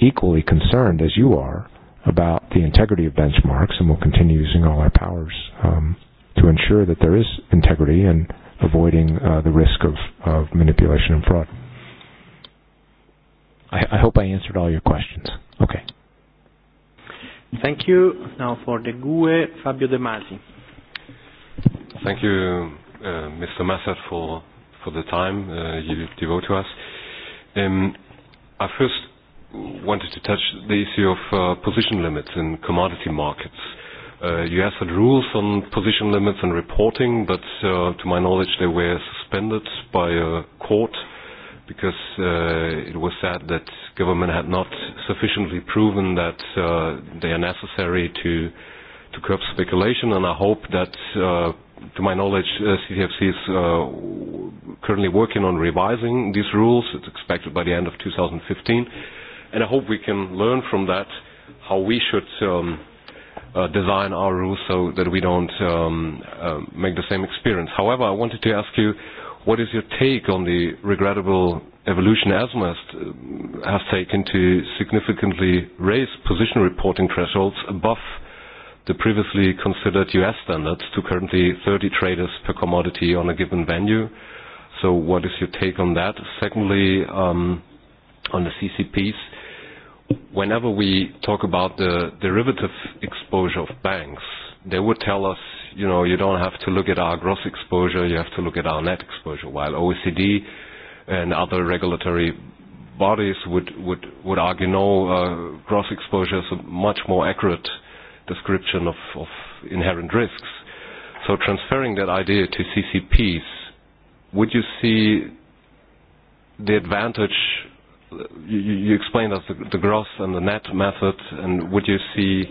Speaker 1: equally concerned as you are about the integrity of benchmarks, and we'll continue using all our powers um, to ensure that there is integrity and avoiding uh, the risk of, of manipulation and fraud. I, I hope I answered all your questions. Okay.
Speaker 2: Thank you. Now for the GUE, Fabio De Masi. Thank you, uh,
Speaker 7: Mr. Massad, for, for the time uh, you devote to us. Um, I first wanted to touch the issue of uh, position limits in commodity markets. Uh, you have had rules on position limits and reporting, but uh, to my knowledge they were suspended by a court because uh, it was said that government had not sufficiently proven that uh, they are necessary to to curb speculation, and I hope that, uh, to my knowledge, uh, CTFC is uh, currently working on revising these rules. It's expected by the end of 2015, and I hope we can learn from that how we should. Um, uh, design our rules so that we don't um, uh, make the same experience. However, I wanted to ask you, what is your take on the regrettable evolution ASMA has, uh, has taken to significantly raise position reporting thresholds above the previously considered US standards to currently 30 traders per commodity on a given venue? So what is your take on that? Secondly, um, on the CCPs, whenever we talk about the derivative exposure of banks, they would tell us, you know, you don't have to look at our gross exposure, you have to look at our net exposure, while OECD and other regulatory bodies would, would, would argue no, uh, gross exposure is a much more accurate description of, of inherent risks. So transferring that idea to CCPs, would you see the advantage you, you explained us the, the gross and the net method, and would you see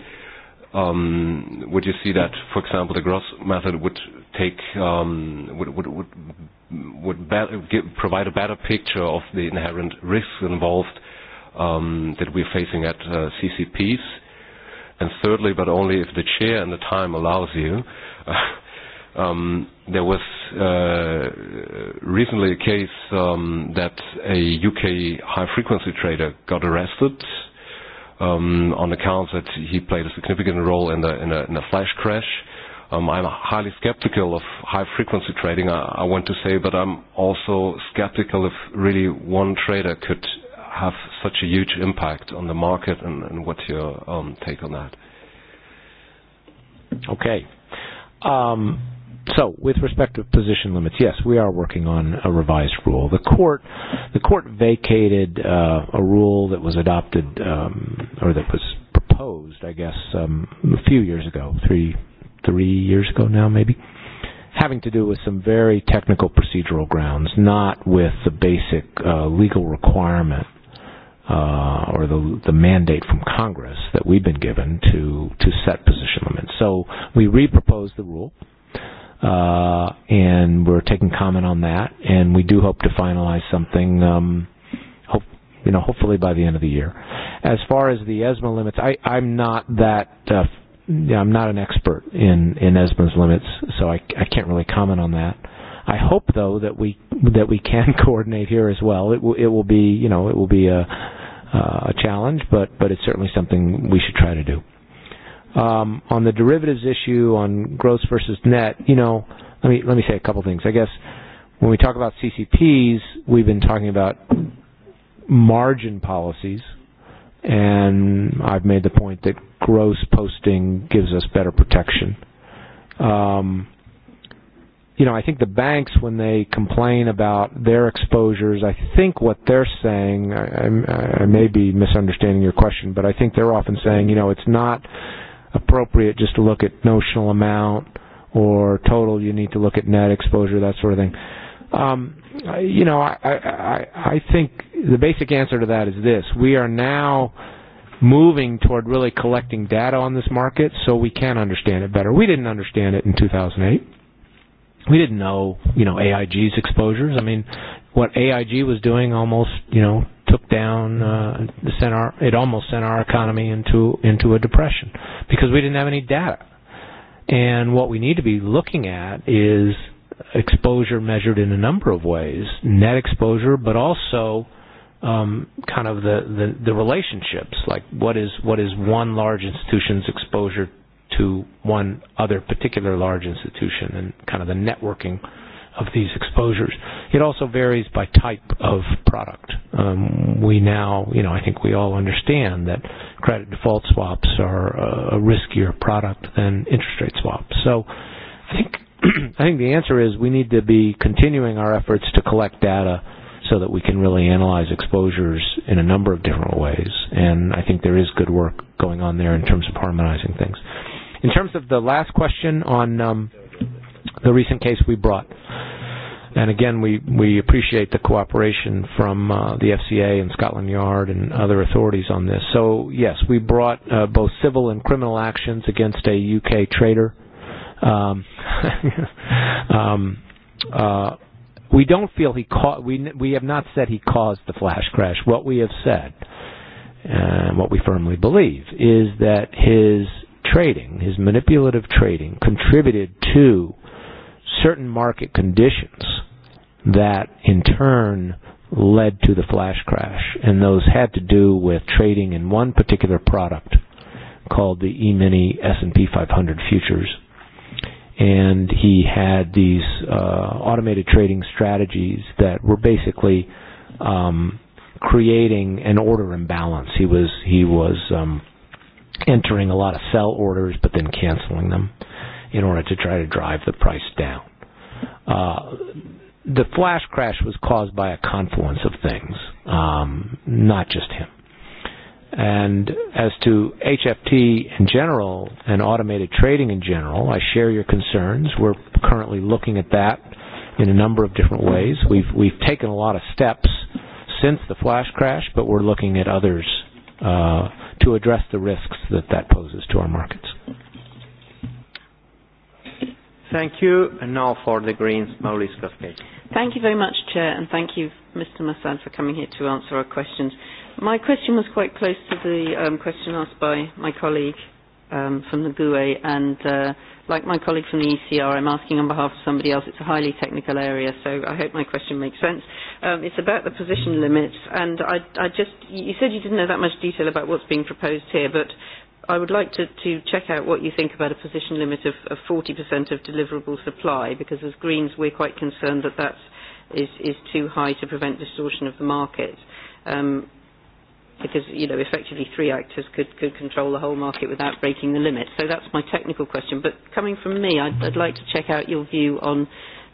Speaker 7: um, would you see that, for example, the gross method would take um, would would would, would be give, provide a better picture of the inherent risks involved um, that we're facing at uh, CCPs, and thirdly, but only if the chair and the time allows you. Uh, [laughs] Um, there was uh, recently a case um, that a UK high-frequency trader got arrested um, on account that he played a significant role in, the, in, a, in a flash crash. Um, I'm highly skeptical of high-frequency trading, I, I want to say, but I'm also skeptical if really one trader could have such a huge impact on the market and, and what's your um, take on that?
Speaker 1: Okay. Um, So, with respect to position limits, yes, we are working on a revised rule. The court, the court vacated uh, a rule that was adopted um, or that was proposed, I guess, um, a few years ago, three, three years ago now, maybe, having to do with some very technical procedural grounds, not with the basic uh, legal requirement uh, or the, the mandate from Congress that we've been given to, to set position limits. So we reproposed the rule uh, and we're taking comment on that, and we do hope to finalize something. Um, hope you know, hopefully by the end of the year. As far as the ESMA limits, I, I'm not that. Uh, yeah, I'm not an expert in in ESMA's limits, so I, I can't really comment on that. I hope though that we that we can [laughs] coordinate here as well. It will it will be you know it will be a uh, a challenge, but but it's certainly something we should try to do um, on the derivatives issue on gross versus net, you know, let me let me say a couple things. I guess when we talk about CCPs, we've been talking about margin policies, and I've made the point that gross posting gives us better protection. Um, you know, I think the banks, when they complain about their exposures, I think what they're saying, I, I, I may be misunderstanding your question, but I think they're often saying, you know, it's not appropriate just to look at notional amount or total you need to look at net exposure that sort of thing um you know i i i think the basic answer to that is this we are now moving toward really collecting data on this market so we can understand it better we didn't understand it in 2008 we didn't know you know AIG's exposures i mean what AIG was doing almost you know took down uh, sent our it almost sent our economy into into a depression because we didn't have any data. And what we need to be looking at is exposure measured in a number of ways, net exposure, but also um, kind of the, the, the relationships, like what is what is one large institution's exposure to one other particular large institution, and kind of the networking of these exposures. It also varies by type of product. Um, we now, you know, I think we all understand that credit default swaps are a, a riskier product than interest rate swaps. So I think [clears throat] I think the answer is we need to be continuing our efforts to collect data so that we can really analyze exposures in a number of different ways. And I think there is good work going on there in terms of harmonizing things. In terms of the last question on um, the recent case we brought. And again, we, we appreciate the cooperation from uh, the FCA and Scotland Yard and other authorities on this. So, yes, we brought uh, both civil and criminal actions against a UK trader. Um, [laughs] um, uh, we don't feel he caught we, we have not said he caused the flash crash. What we have said, and what we firmly believe, is that his trading, his manipulative trading, contributed to certain market conditions that in turn led to the flash crash. And those had to do with trading in one particular product called the E-mini S&P 500 futures. And he had these uh, automated trading strategies that were basically um, creating an order imbalance. He was he was um, entering a lot of sell orders but then canceling them in order to try to drive the price down. Uh, the flash crash was caused by a confluence of things, um, not just him. And as to HFT in general and automated trading in general, I share your concerns. We're currently looking at that in a number of different ways. We've we've taken a lot of steps since the flash crash, but we're looking at others uh, to address the risks that that poses to our markets.
Speaker 2: Thank you. And now for the Greens, Maurice
Speaker 8: Cascade.
Speaker 9: Thank you very much, Chair, and thank you, Mr. Massad, for coming here to answer our questions. My question was quite close to the um, question asked by my colleague um, from the GUE, and uh, like my colleague from the ECR, I'm asking on behalf of somebody else. It's a highly technical area, so I hope my question makes sense. Um, it's about the position limits, and I, I just, you said you didn't know that much detail about what's being proposed here, but i would like to, to check out what you think about a position limit of, of 40% of deliverable supply, because as Greens we're quite concerned that that is, is too high to prevent distortion of the market. Um, because, you know, effectively three actors could, could control the whole market without breaking the limit. So that's my technical question. But coming from me, I'd, I'd like to check out your view on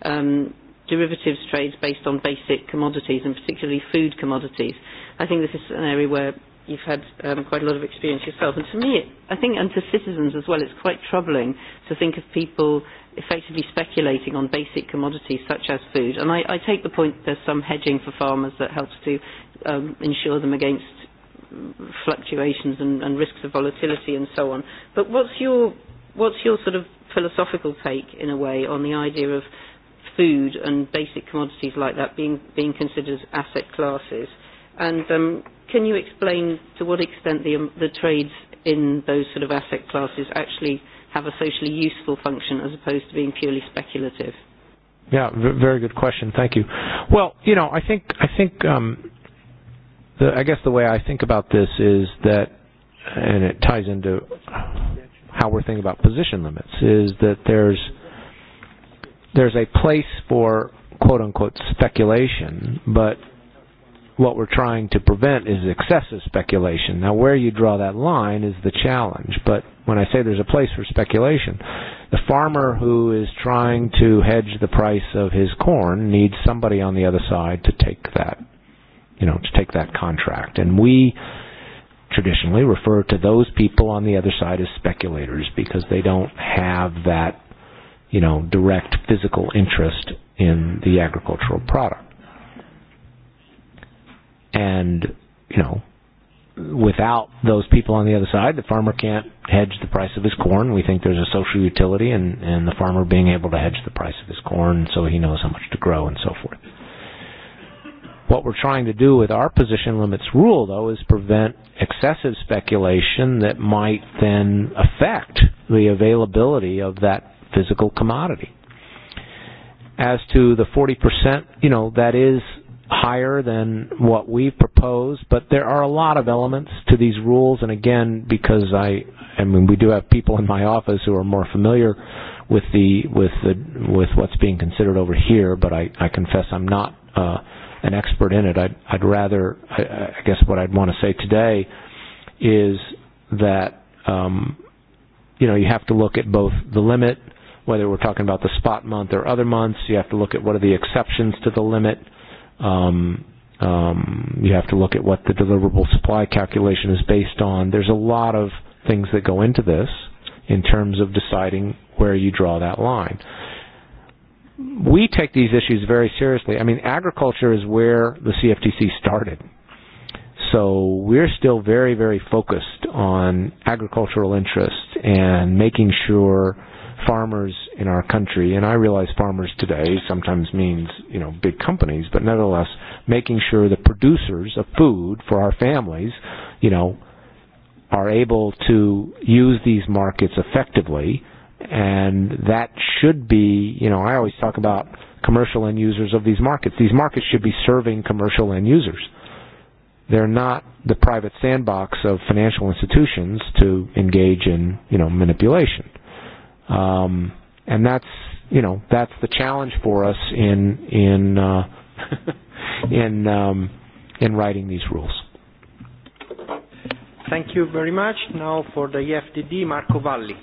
Speaker 9: um, derivatives trades based on basic commodities and particularly food commodities. I think this is an area where you've had um, quite a lot of experience yourself. And to me, I think, and to citizens as well, it's quite troubling to think of people effectively speculating on basic commodities such as food. And I, I take the point there's some hedging for farmers that helps to um, them against fluctuations and, and risks of volatility and so on. But what's your, what's your sort of philosophical take, in a way, on the idea of food and basic commodities like that being, being considered as asset classes? And um, Can you explain to what extent the, um, the trades in those sort of asset classes actually have a socially useful function as opposed to being purely speculative?
Speaker 1: Yeah, v very good question. Thank you. Well, you know, I think I think um, the I guess the way I think about this is that, and it ties into how we're thinking about position limits, is that there's there's a place for quote unquote speculation, but what we're trying to prevent is excessive speculation. Now, where you draw that line is the challenge. But when I say there's a place for speculation, the farmer who is trying to hedge the price of his corn needs somebody on the other side to take that, you know, to take that contract. And we traditionally refer to those people on the other side as speculators because they don't have that, you know, direct physical interest in the agricultural product. And, you know, without those people on the other side, the farmer can't hedge the price of his corn. We think there's a social utility in, and the farmer being able to hedge the price of his corn so he knows how much to grow and so forth. What we're trying to do with our position limits rule, though, is prevent excessive speculation that might then affect the availability of that physical commodity. As to the 40%, you know, that is higher than what we've proposed, but there are a lot of elements to these rules, and again, because I, I mean, we do have people in my office who are more familiar with the with the with what's being considered over here, but I, I confess I'm not uh, an expert in it. I'd, I'd rather, I, I guess, what I'd want to say today is that um, you know you have to look at both the limit, whether we're talking about the spot month or other months. You have to look at what are the exceptions to the limit Um, um, you have to look at what the deliverable supply calculation is based on. There's a lot of things that go into this in terms of deciding where you draw that line. We take these issues very seriously. I mean, agriculture is where the CFTC started. So we're still very, very focused on agricultural interests and making sure farmers in our country, and I realize farmers today sometimes means, you know, big companies, but nevertheless, making sure the producers of food for our families, you know, are able to use these markets effectively, and that should be, you know, I always talk about commercial end users of these markets. These markets should be serving commercial end users. They're not the private sandbox of financial institutions to engage in, you know, manipulation. Um, and that's you know that's the challenge for us in in uh, [laughs] in um, in writing these rules.
Speaker 2: Thank you very much. Now for the EFTD, Marco Valli.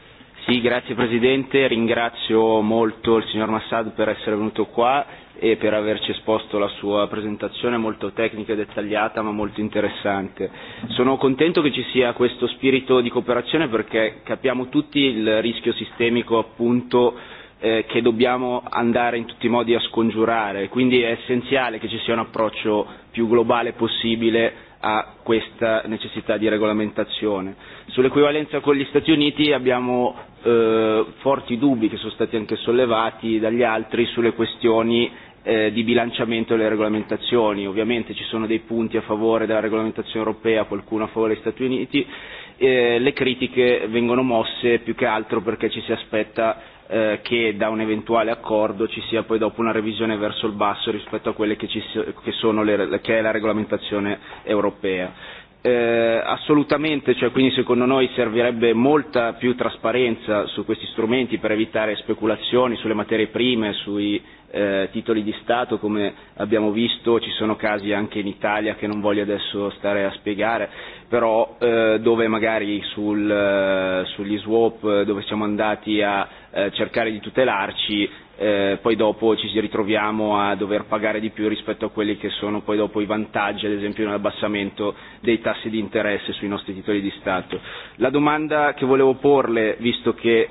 Speaker 10: Sì, grazie Presidente, ringrazio molto il signor Massad per essere venuto qua e per averci esposto la sua presentazione molto tecnica e dettagliata ma molto interessante. Sono contento che ci sia questo spirito di cooperazione perché capiamo tutti il rischio sistemico appunto eh, che dobbiamo andare in tutti i modi a scongiurare, quindi è essenziale che ci sia un approccio più globale possibile a questa necessità di regolamentazione. Sull'equivalenza con gli Stati Uniti abbiamo eh, forti dubbi che sono stati anche sollevati dagli altri sulle questioni Eh, di bilanciamento delle regolamentazioni. Ovviamente ci sono dei punti a favore della regolamentazione europea, qualcuno a favore degli Stati Uniti. Eh, le critiche vengono mosse più che altro perché ci si aspetta eh, che da un eventuale accordo ci sia poi dopo una revisione verso il basso rispetto a quelle che, ci, che, sono le, che è la regolamentazione europea eh, assolutamente, cioè quindi secondo noi servirebbe molta più trasparenza su questi strumenti per evitare speculazioni sulle materie prime, sui eh, titoli di Stato, come abbiamo visto ci sono casi anche in Italia che non voglio adesso stare a spiegare, però eh, dove magari sul, eh, sugli swap eh, dove siamo andati a eh, cercare di tutelarci eh, poi dopo ci ritroviamo a dover pagare di più rispetto a quelli che sono poi dopo i vantaggi, ad esempio abbassamento dei tassi di interesse sui nostri titoli di Stato. La domanda che volevo porle, visto che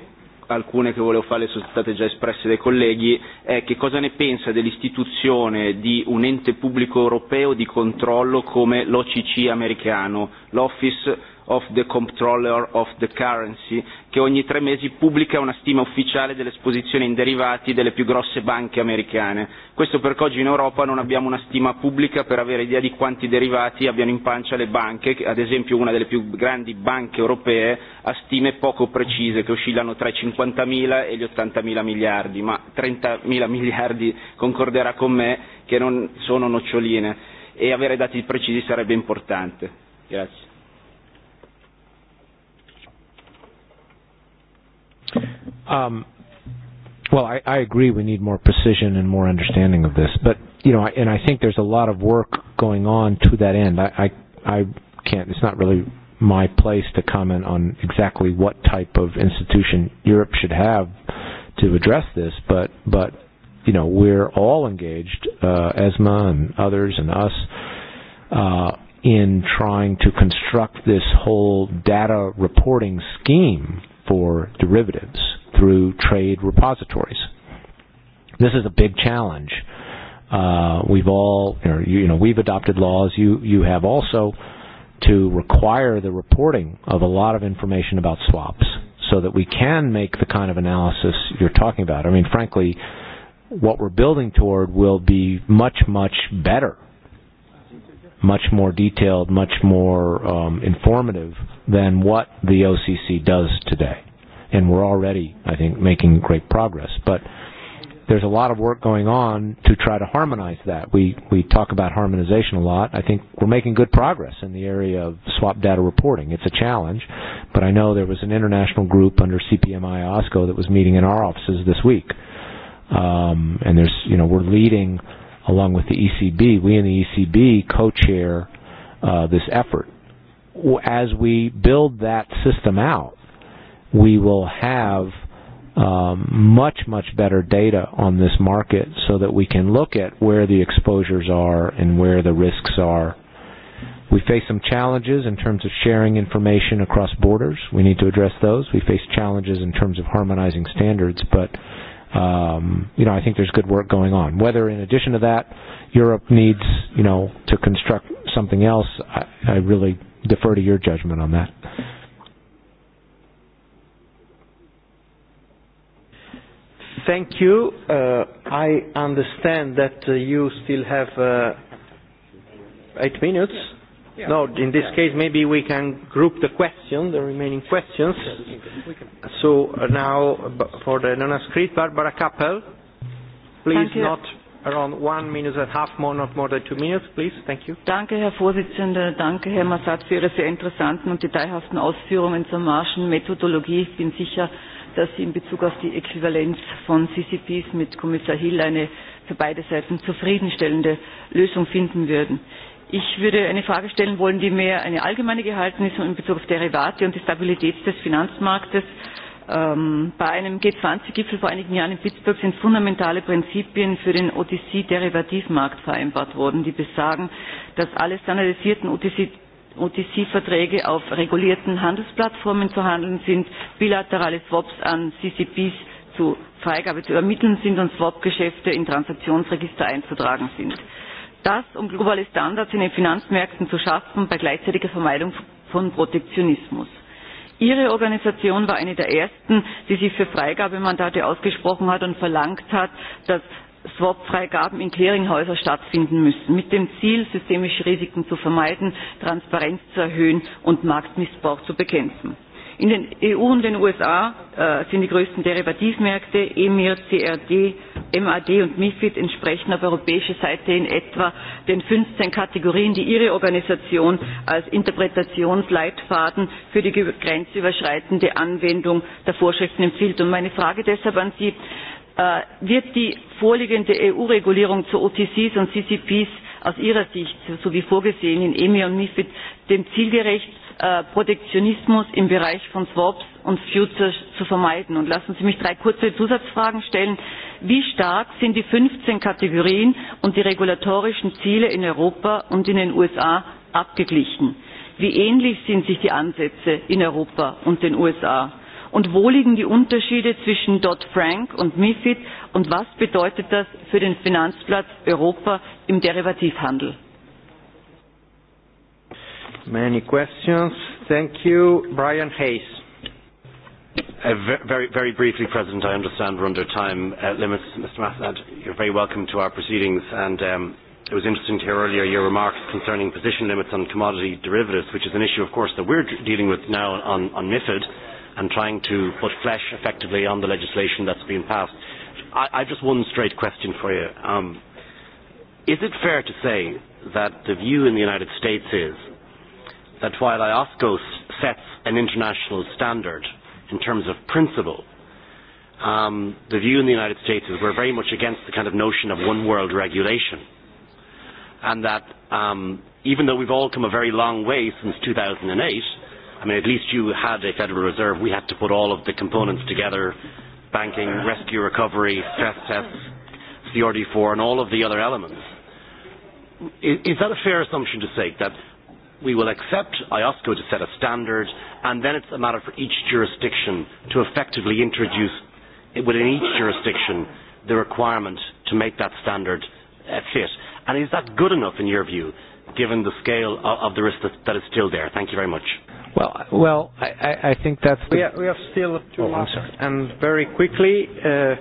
Speaker 10: alcune che volevo fare sono state già espresse dai colleghi, è che cosa ne pensa dell'istituzione di un ente pubblico europeo di controllo come l'OCC americano, l'Office of the Comptroller of the Currency, che ogni tre mesi pubblica una stima ufficiale dell'esposizione in derivati delle più grosse banche americane. Questo perché oggi in Europa non abbiamo una stima pubblica per avere idea di quanti derivati abbiano in pancia le banche, ad esempio una delle più grandi banche europee ha stime poco precise che oscillano tra i 50.000 e gli 80.000 miliardi, ma 30.000 [laughs] miliardi concorderà con me che non sono noccioline e avere dati precisi sarebbe importante. Grazie.
Speaker 1: Um, well, I, I agree we need more precision and more understanding of this, but you know, I and I think there's a lot of work going on to that end. I, I, I can't. It's not really my place to comment on exactly what type of institution Europe should have to address this, but but you know, we're all engaged, uh, ESMA and others and us, uh, in trying to construct this whole data reporting scheme for derivatives through trade repositories. This is a big challenge. Uh, we've all, or, you know, we've adopted laws. You, you have also to require the reporting of a lot of information about swaps so that we can make the kind of analysis you're talking about. I mean, frankly, what we're building toward will be much, much better much more detailed, much more um, informative than what the OCC does today. And we're already, I think, making great progress. But there's a lot of work going on to try to harmonize that. We we talk about harmonization a lot. I think we're making good progress in the area of swap data reporting. It's a challenge, but I know there was an international group under CPMI OSCO that was meeting in our offices this week. Um, and there's you know we're leading along with the ECB, we in the ECB co-chair uh, this effort. As we build that system out, we will have um, much, much better data on this market so that we can look at where the exposures are and where the risks are. We face some challenges in terms of sharing information across borders. We need to address those. We face challenges in terms of harmonizing standards, but um, you know, I think there's good work going on. Whether in addition to that, Europe needs, you know, to construct something else, I, I really defer to your judgment on that.
Speaker 2: Thank you. Uh, I understand that uh, you still have uh, eight minutes. No, in this case, maybe we can group the question, the remaining questions. So uh, now, for the non-script, Barbara Kappel, please not around one minute and a half, more, not more than two minutes, please. Thank you.
Speaker 8: Danke, Herr Vorsitzender. Danke, Herr Massat, für Ihre sehr interessanten und detailhaften Ausführungen zur Methodologie. Ich bin sicher, dass Sie in Bezug auf die Äquivalenz von CCPs mit Kommissar Hill eine für beide Seiten zufriedenstellende Lösung finden würden. Ich würde eine Frage stellen wollen, die mehr eine allgemeine gehalten ist in Bezug auf Derivate und die Stabilität des Finanzmarktes. Ähm, bei einem G20-Gipfel vor einigen Jahren in Pittsburgh sind fundamentale Prinzipien für den OTC-Derivativmarkt vereinbart worden, die besagen, dass alle standardisierten OTC OTC-Verträge auf regulierten Handelsplattformen zu handeln sind, bilaterale Swaps an CCPs zur Freigabe zu ermitteln sind und Swap-Geschäfte in Transaktionsregister einzutragen sind das um globale Standards in den Finanzmärkten zu schaffen bei gleichzeitiger Vermeidung von Protektionismus. Ihre Organisation war eine der ersten, die sich für Freigabemandate ausgesprochen hat und verlangt hat, dass Swap-Freigaben in Clearinghäuser stattfinden müssen, mit dem Ziel, systemische Risiken zu vermeiden, Transparenz zu erhöhen und Marktmissbrauch zu bekämpfen. In den EU und den USA äh, sind die größten Derivativmärkte EMIR, CRD, MAD und MIFID entsprechen auf europäischer Seite in etwa den 15 Kategorien, die Ihre Organisation als Interpretationsleitfaden für die grenzüberschreitende Anwendung der Vorschriften empfiehlt. Und meine Frage deshalb an Sie, äh, wird die vorliegende EU-Regulierung zu OTCs und CCPs aus Ihrer Sicht, so wie vorgesehen in EMIR und MIFID, dem Ziel gerecht, Äh, Protektionismus im Bereich von Swaps und Futures zu vermeiden. Und lassen Sie mich drei kurze Zusatzfragen stellen. Wie stark sind die 15 Kategorien und die regulatorischen Ziele in Europa und in den USA abgeglichen? Wie ähnlich sind sich die Ansätze in Europa und den USA? Und wo liegen die Unterschiede zwischen Dodd-Frank und MIFID? Und was bedeutet das für den Finanzplatz Europa im Derivativhandel?
Speaker 2: Many questions.
Speaker 8: Thank you. Brian Hayes.
Speaker 2: Uh, very,
Speaker 11: very briefly, President, I understand we're under time uh, limits. Mr. Massad, you're very welcome to our proceedings, and um, it was interesting to hear earlier your remarks concerning position limits on commodity derivatives, which is an issue, of course, that we're dealing with now on, on MIFID and trying to put flesh effectively on the legislation that's been passed. I, I've just one straight question for you. Um, is it fair to say that the view in the United States is that while IOSCO sets an international standard in terms of principle, um, the view in the United States is we're very much against the kind of notion of one world regulation. And that um, even though we've all come a very long way since 2008, I mean, at least you had a Federal Reserve. We had to put all of the components together, banking, rescue recovery, stress tests, CRD4, and all of the other elements. Is, is that a fair assumption to say that we will accept IOSCO to set a standard, and then it's a matter for each jurisdiction to effectively introduce within each jurisdiction the requirement to make that standard uh, fit. And is that good enough in your view, given the scale of, of the risk that, that is still there? Thank you very much.
Speaker 2: Well, well, I, I think that's. We, have, we still two oh, and very quickly, uh,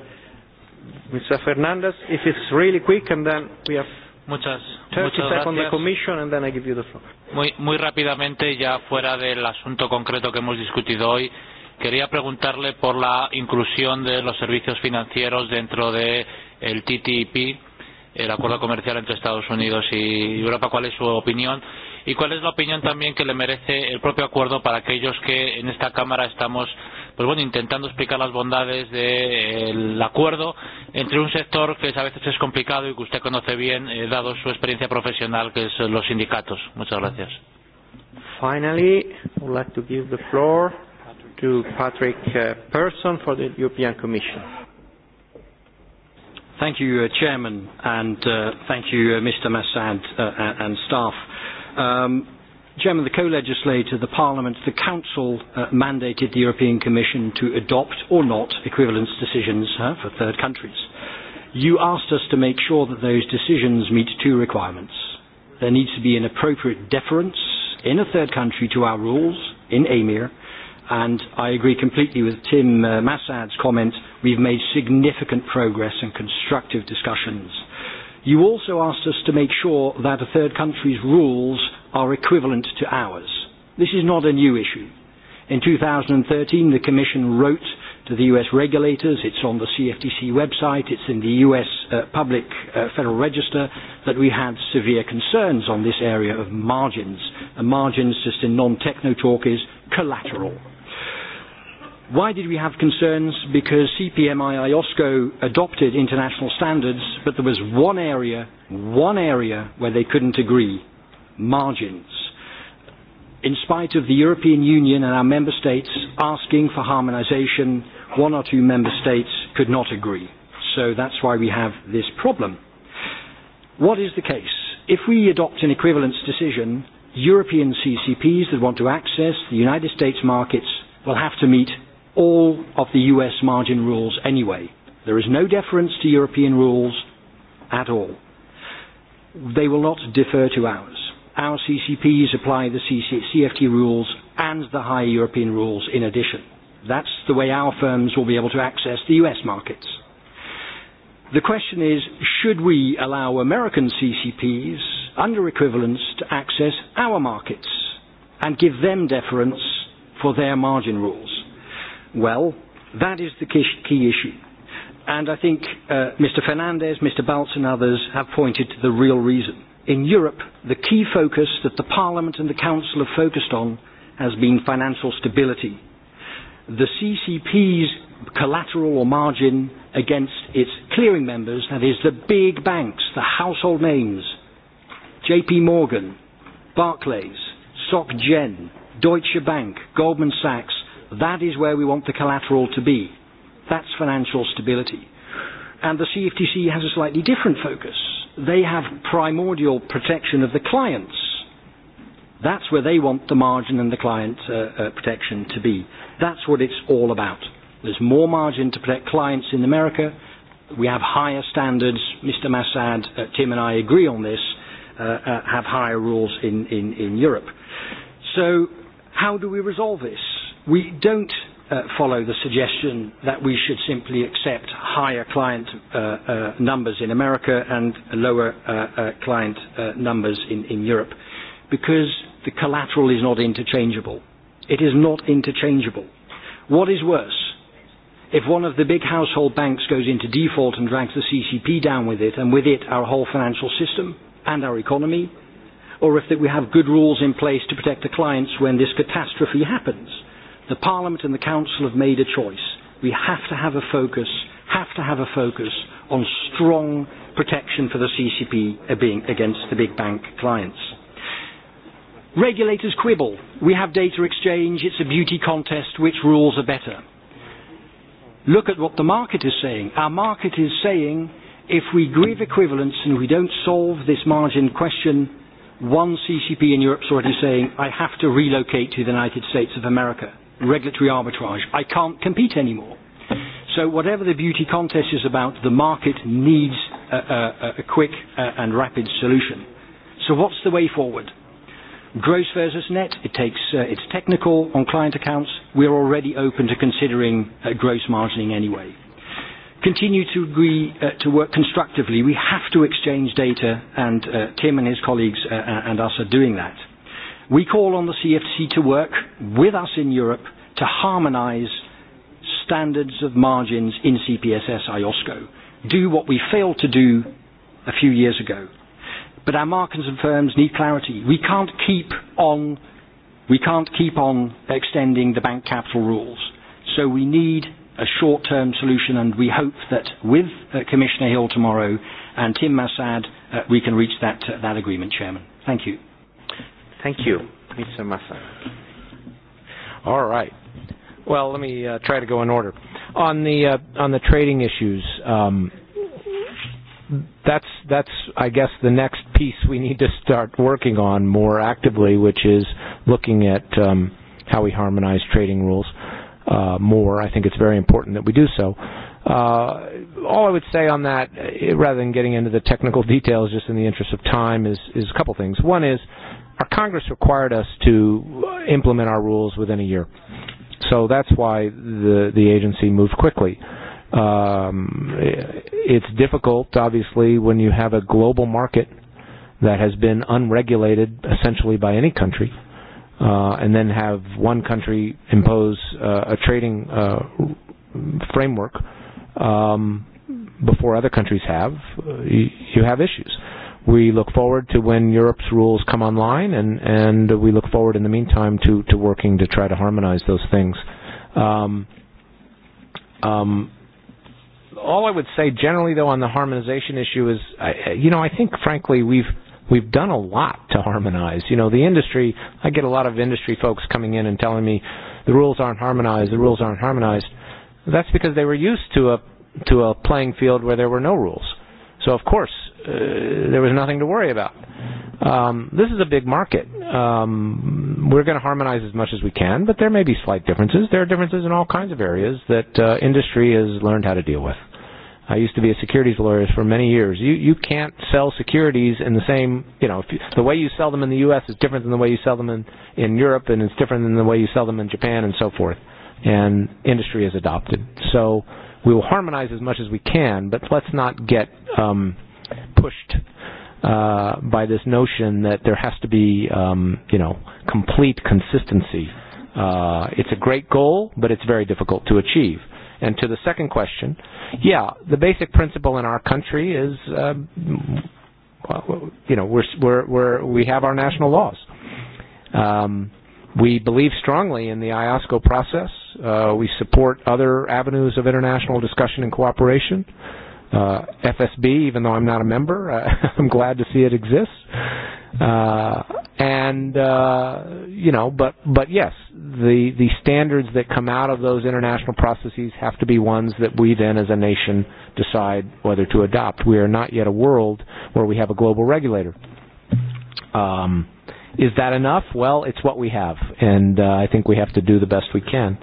Speaker 2: Mr. Fernandez, if it's really quick, and then we have Muchas, muchas gracias. The commission and then I give you the floor.
Speaker 4: Muy, muy rápidamente, ya fuera del asunto concreto que hemos discutido hoy, quería preguntarle por la inclusión de los servicios financieros dentro del de TTIP, el acuerdo comercial entre Estados Unidos y Europa. ¿Cuál es su opinión? ¿Y cuál es la opinión también que le merece el propio acuerdo para aquellos que en esta Cámara estamos pues bueno, intentando explicar las bondades del de acuerdo entre un sector que a veces es complicado y que usted conoce bien, eh, dado su experiencia profesional, que es los sindicatos. Muchas gracias.
Speaker 2: Finally, I would like to give the floor to Patrick uh, Person
Speaker 12: for the European Commission. Thank you, uh, Chairman, and uh, thank you, uh, Mr. Massad uh, and staff. Um, Chairman, the co-legislator, the Parliament, the Council uh, mandated the European Commission to adopt or not equivalence decisions for third countries. You asked us to make sure that those decisions meet two requirements. There needs to be an appropriate deference in a third country to our rules in AMIR, and I agree completely with Tim uh, Massad's comment. We've made significant progress and constructive discussions You also asked us to make sure that a third country's rules are equivalent to ours. This is not a new issue. In 2013, the Commission wrote to the US regulators, it's on the CFTC website, it's in the US uh, public uh, federal register, that we had severe concerns on this area of margins. And margins, just in non-techno talk, is collateral Why did we have concerns? Because CPMI IOSCO adopted international standards, but there was one area, one area where they couldn't agree, margins. In spite of the European Union and our member states asking for harmonization, one or two member states could not agree. So that's why we have this problem. What is the case? If we adopt an equivalence decision, European CCPs that want to access the United States markets will have to meet all of the US margin rules anyway. There is no deference to European rules at all. They will not defer to ours. Our CCPs apply the CFT rules and the higher European rules in addition. That's the way our firms will be able to access the US markets. The question is, should we allow American CCPs under equivalence to access our markets and give them deference for their margin rules? well. That is the key issue. And I think uh, Mr. Fernandez, Mr. Baltz and others have pointed to the real reason. In Europe, the key focus that the Parliament and the Council have focused on has been financial stability. The CCP's collateral or margin against its clearing members, that is the big banks, the household names, JP Morgan, Barclays, SocGen, Deutsche Bank, Goldman Sachs, That is where we want the collateral to be. That's financial stability. And the CFTC has a slightly different focus. They have primordial protection of the clients. That's where they want the margin and the client uh, uh, protection to be. That's what it's all about. There's more margin to protect clients in America. We have higher standards. Mr. Massad, uh, Tim and I agree on this, have higher rules in, in, in Europe. So how do we resolve this? We don't uh, follow the suggestion that we should simply accept higher client uh, uh, numbers in America and lower uh, uh, client uh, numbers in, in Europe because the collateral is not interchangeable. It is not interchangeable. What is worse, if one of the big household banks goes into default and drags the CCP down with it, and with it our whole financial system and our economy, or if that we have good rules in place to protect the clients when this catastrophe happens. The Parliament and the Council have made a choice. We have to have a focus, have to have a focus on strong protection for the CCP uh, being against the big bank clients. Regulators quibble. We have data exchange. It's a beauty contest. Which rules are better? Look at what the market is saying. Our market is saying if we grieve equivalence and we don't solve this margin question, one CCP in Europe is already saying, I have to relocate to the United States of America regulatory arbitrage. I can't compete anymore. So whatever the beauty contest is about, the market needs a, a, a quick uh, and rapid solution. So what's the way forward? Gross versus net, it takes, uh, it's technical on client accounts. We're already open to considering uh, gross margining anyway. Continue to, agree, uh, to work constructively. We have to exchange data, and uh, Tim and his colleagues and us are doing that. We call on the CFC to work with us in Europe to harmonize standards of margins in CPSS IOSCO. Do what we failed to do a few years ago. But our markets and firms need clarity. We can't keep on we can't keep on extending the bank capital rules. So we need a short-term solution and we hope that with uh, Commissioner Hill tomorrow and Tim Massad uh, we can reach that uh, that agreement chairman. Thank you. Thank you, Mr. Massa. All right. Well, let me uh,
Speaker 1: try to go in order. On the uh, on the trading issues, um, that's that's I guess the next piece we need to start working on more actively, which is looking at um, how we harmonize trading rules uh, more. I think it's very important that we do so. Uh, all I would say on that, uh, rather than getting into the technical details, just in the interest of time, is is a couple things. One is Congress required us to implement our rules within a year. So that's why the, the agency moved quickly. Um, it's difficult, obviously, when you have a global market that has been unregulated essentially by any country, uh, and then have one country impose uh, a trading uh, framework um, before other countries have, uh, you have issues. We look forward to when Europe's rules come online, and, and we look forward in the meantime to, to working to try to harmonize those things. Um, um, all I would say generally, though, on the harmonization issue is, I, you know, I think frankly we've we've done a lot to harmonize. You know, the industry. I get a lot of industry folks coming in and telling me the rules aren't harmonized. The rules aren't harmonized. That's because they were used to a to a playing field where there were no rules. So of course Uh, there was nothing to worry about. Um, this is a big market. Um, we're going to harmonize as much as we can, but there may be slight differences. There are differences in all kinds of areas that uh, industry has learned how to deal with. I used to be a securities lawyer for many years. You you can't sell securities in the same you know if the way you sell them in the U.S. is different than the way you sell them in in Europe, and it's different than the way you sell them in Japan and so forth. And industry has adopted. So we will harmonize as much as we can, but let's not get um, pushed uh, by this notion that there has to be, um, you know, complete consistency. Uh, it's a great goal, but it's very difficult to achieve. And to the second question, yeah, the basic principle in our country is, uh, you know, we're, we're, we're, we have our national laws. Um, we believe strongly in the IOSCO process. Uh, we support other avenues of international discussion and cooperation. Uh, uh, FSB, even though I'm not a member. Uh, [laughs] I'm glad to see it exists. Uh, and, uh, you know, but, but yes, the, the standards that come out of those international processes have to be ones that we then as a nation decide whether to adopt. We are not yet a world where we have a global regulator. Um, is that enough? Well, it's what we have, and uh, I think we have to do the best we can.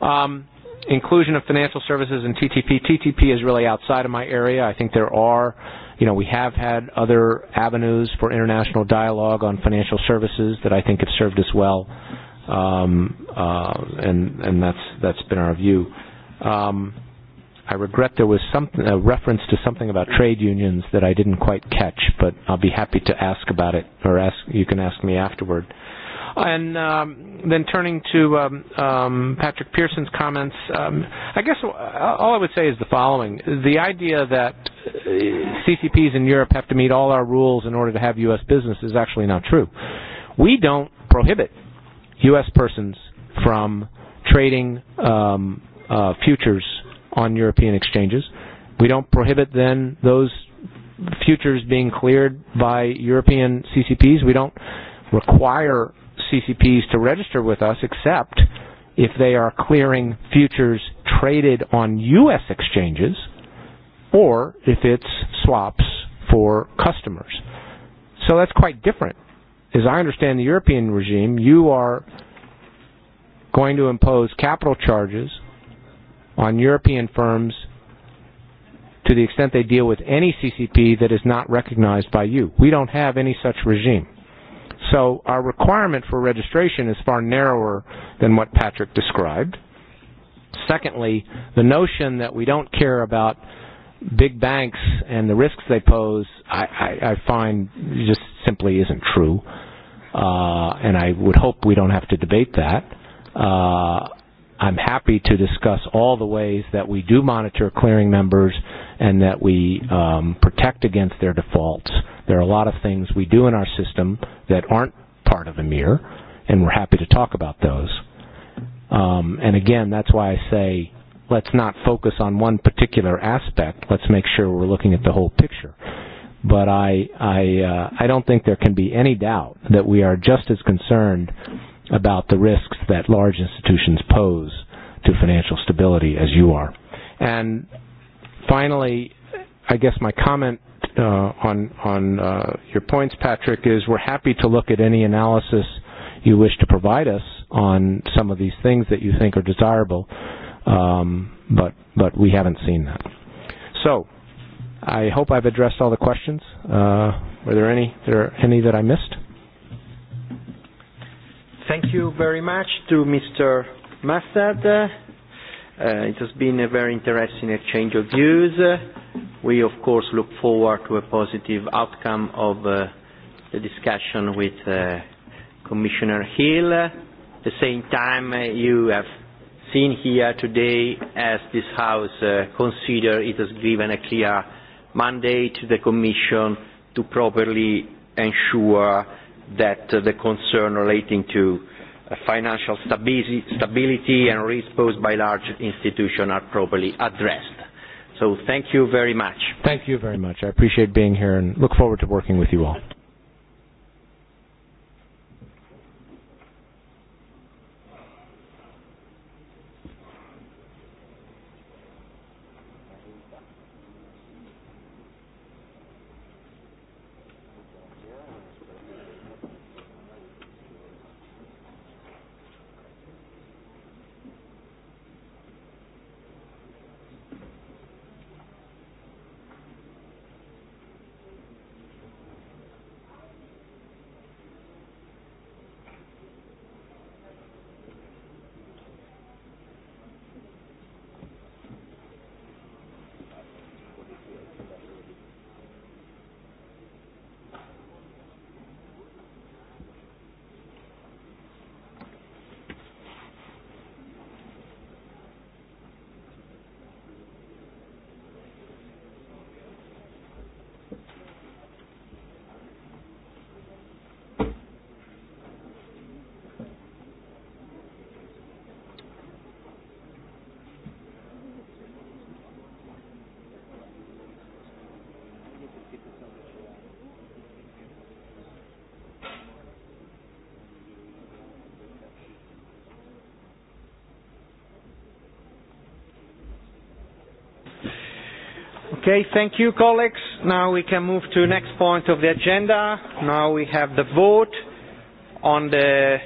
Speaker 1: Um, inclusion of financial services in TTP. TTP is really outside of my area. I think there are, you know, we have had other avenues for international dialogue on financial services that I think have served us well. Um, uh, and, and that's, that's been our view. Um, I regret there was some a uh, reference to something about trade unions that I didn't quite catch, but I'll be happy to ask about it, or ask you can ask me afterward. And um, then turning to um, um, Patrick Pearson's comments, um, I guess uh, all I would say is the following. The idea that uh, CCPs in Europe have to meet all our rules in order to have U.S. business is actually not true. We don't prohibit U.S. persons from trading um, uh, futures on European exchanges. We don't prohibit then those futures being cleared by European CCPs. We don't require CCPs to register with us except if they are clearing futures traded on U.S. exchanges or if it's swaps for customers. So that's quite different. As I understand the European regime, you are going to impose capital charges on European firms to the extent they deal with any CCP that is not recognized by you. We don't have any such regime. So our requirement for registration is far narrower than what Patrick described. Secondly, the notion that we don't care about big banks and the risks they pose, I, I, I find just simply isn't true. Uh, and I would hope we don't have to debate that. Uh, I'm happy to discuss all the ways that we do monitor clearing members and that we um, protect against their defaults. There are a lot of things we do in our system that aren't part of EMIR, and we're happy to talk about those. Um, and again, that's why I say let's not focus on one particular aspect. Let's make sure we're looking at the whole picture. But I, I, uh, I don't think there can be any doubt that we are just as concerned about the risks that large institutions pose to financial stability as you are. And Finally, I guess my comment uh, on, on uh, your points, Patrick, is we're happy to look at any analysis you wish to provide us on some of these things that you think are desirable, um, but, but we haven't seen that. So, I hope I've addressed all the questions. Uh, were there any, there any that I missed?
Speaker 2: Thank you very much to Mr. Massad. Uh, it has been a very interesting exchange of views. We, of course, look forward to a positive outcome of uh, the discussion with uh, Commissioner Hill. At the same time, uh, you have seen here today as this House uh, considers it has given a clear mandate to the Commission to properly ensure that the concern relating to financial stability and risk posed by large institutions are properly addressed. So thank you very much.
Speaker 1: Thank you very much. I appreciate being here and look forward to working with you all.
Speaker 2: Okay, thank you, colleagues. Now we can move to the next point of the agenda. Now we have the vote on the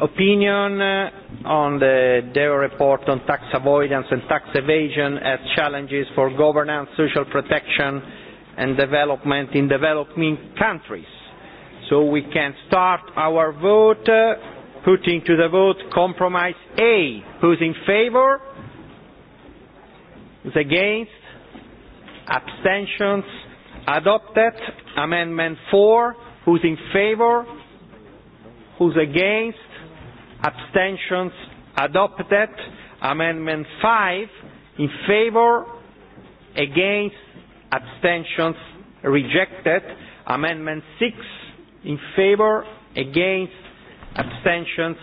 Speaker 2: opinion uh, on the DEO report on tax avoidance and tax evasion as challenges for governance, social protection and development in developing countries. So we can start our vote, uh, putting to the vote compromise A. Who's in favor? Who's against? abstentions adopted amendment 4 who's in favor who's against abstentions adopted amendment 5 in favor against abstentions rejected amendment 6 in favor against abstentions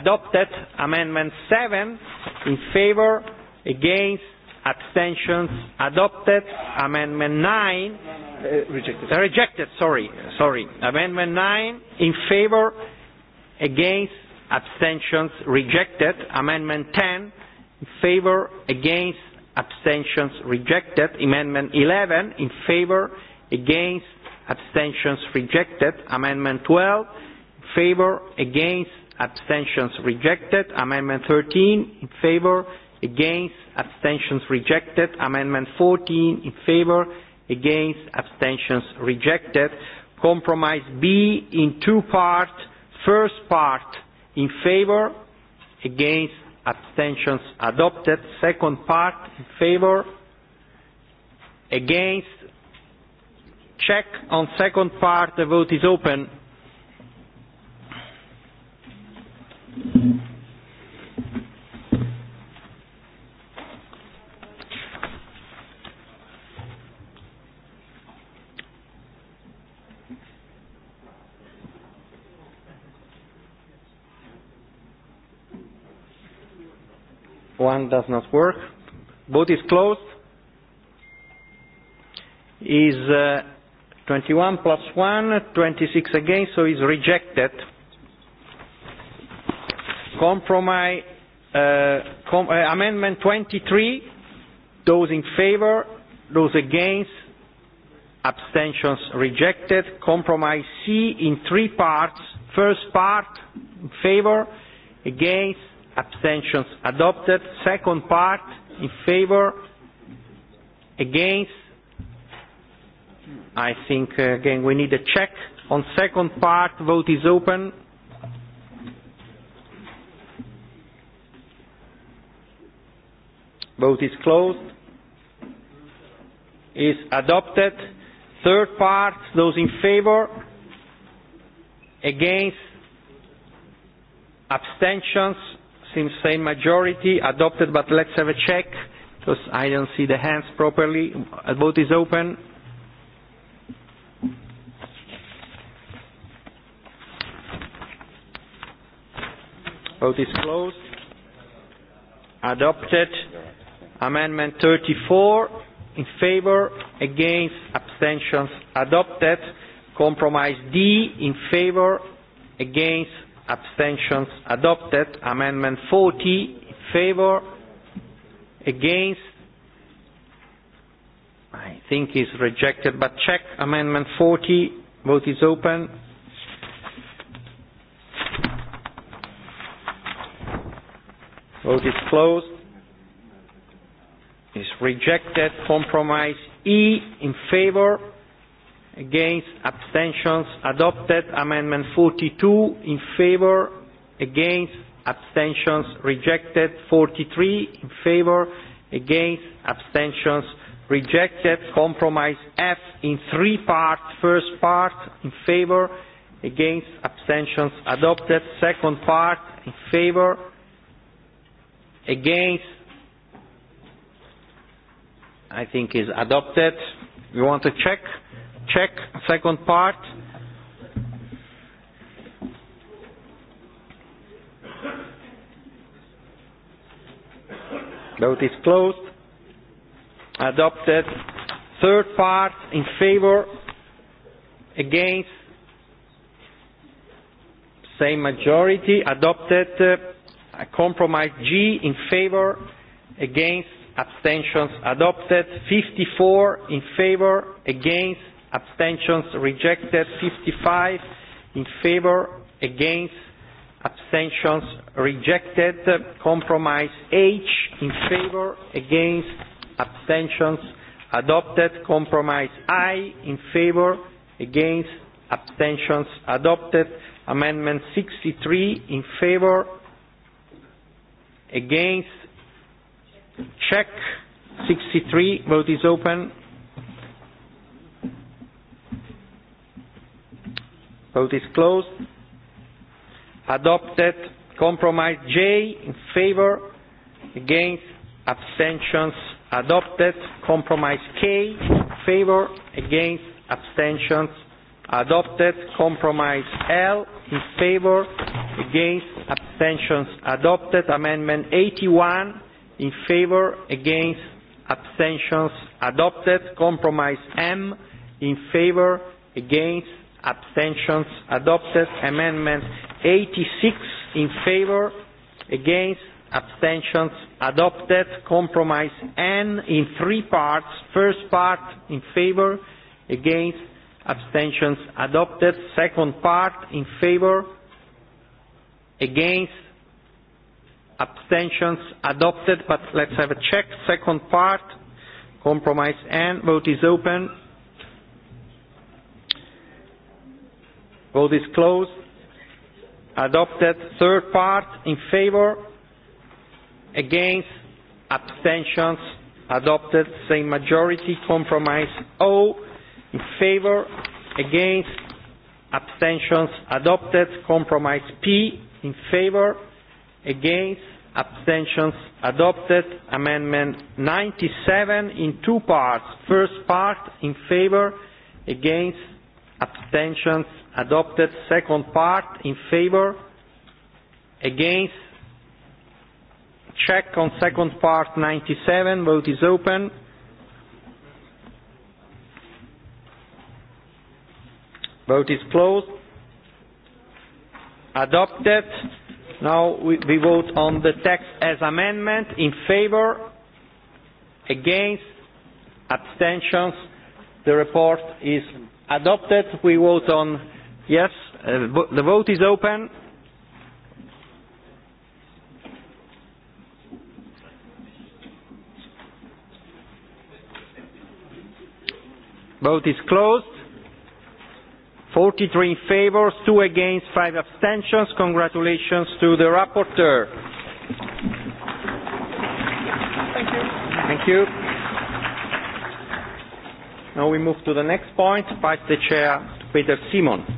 Speaker 2: adopted amendment 7 in favor against abstentions adopted amendment 9 uh, rejected uh, rejected sorry sorry amendment 9 in favor against abstentions rejected amendment 10 in favor against abstentions rejected amendment 11 in favor against abstentions rejected amendment 12 in favor against abstentions rejected amendment 13 in favor against abstentions rejected amendment 14 in favor against abstentions rejected compromise b in two parts first part in favor against abstentions adopted second part in favor against check on second part the vote is open One does not work. Vote is closed. Is uh, 21 plus 1, 26 again, so is rejected. Compromise, uh, com uh, amendment 23, those in favor, those against, abstentions rejected. Compromise C in three parts. First part, in favor, against, abstentions adopted. Second part in favor, against. I think uh, again we need a check on second part. Vote is open. Vote is closed. Is adopted. Third part, those in favor, against, abstentions, seems same majority adopted, but let's have a check because I don't see the hands properly. A vote is open. Vote is closed. Adopted. Amendment 34 in favor, against, abstentions adopted. Compromise D in favor, against, abstentions adopted amendment 40 in favor against I think is rejected but check amendment 40 vote is open vote is closed is rejected compromise E in favor against abstentions adopted amendment 42 in favor against abstentions rejected 43 in favor against abstentions rejected compromise F in three parts first part in favor against abstentions adopted second part in favor against I think is adopted we want to check Check. Second part. Vote is closed. Adopted. Third part in favor. Against. Same majority. Adopted. Uh, compromise G in favor. Against. Abstentions adopted. 54 in favor. Against abstentions rejected 55 in favor against abstentions rejected compromise H in favor against abstentions adopted compromise I in favor against abstentions adopted amendment 63 in favor against check 63 vote is open Vote is closed. Adopted. Compromise J in favor. Against. Abstentions. Adopted. Compromise K in favor. Against. Abstentions. Adopted. Compromise L in favor. Against. Abstentions. Adopted. Amendment 81 in favor. Against. Abstentions. Adopted. Compromise M in favor. Against abstentions adopted amendment 86 in favor against abstentions adopted compromise n in three parts first part in favor against abstentions adopted second part in favor against abstentions adopted but let's have a check second part compromise n vote is open Vote is closed. Adopted. Third part in favor. Against. Abstentions. Adopted. Same majority. Compromise O. In favor. Against. Abstentions. Adopted. Compromise P. In favor. Against. Abstentions. Adopted. Amendment 97 in two parts. First part in favor. Against. Abstentions adopted second part in favor against check on second part 97 vote is open vote is closed adopted now we, we vote on the text as amendment in favor against abstentions the report is adopted we vote on Yes, uh, the vote is open. Vote is closed. 43 in favor, 2 against, 5 abstentions. Congratulations to the rapporteur.
Speaker 9: Thank you. Thank you.
Speaker 2: Now we move to the next point. Pass the chair Peter Simon.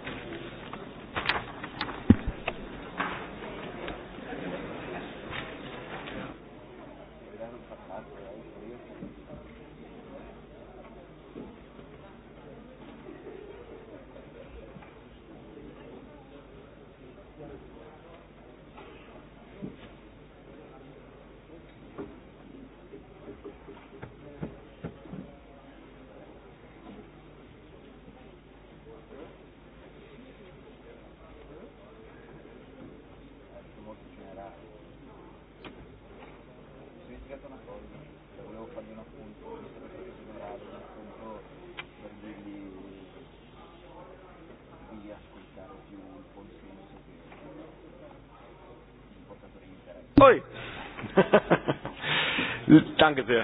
Speaker 13: Danke sehr.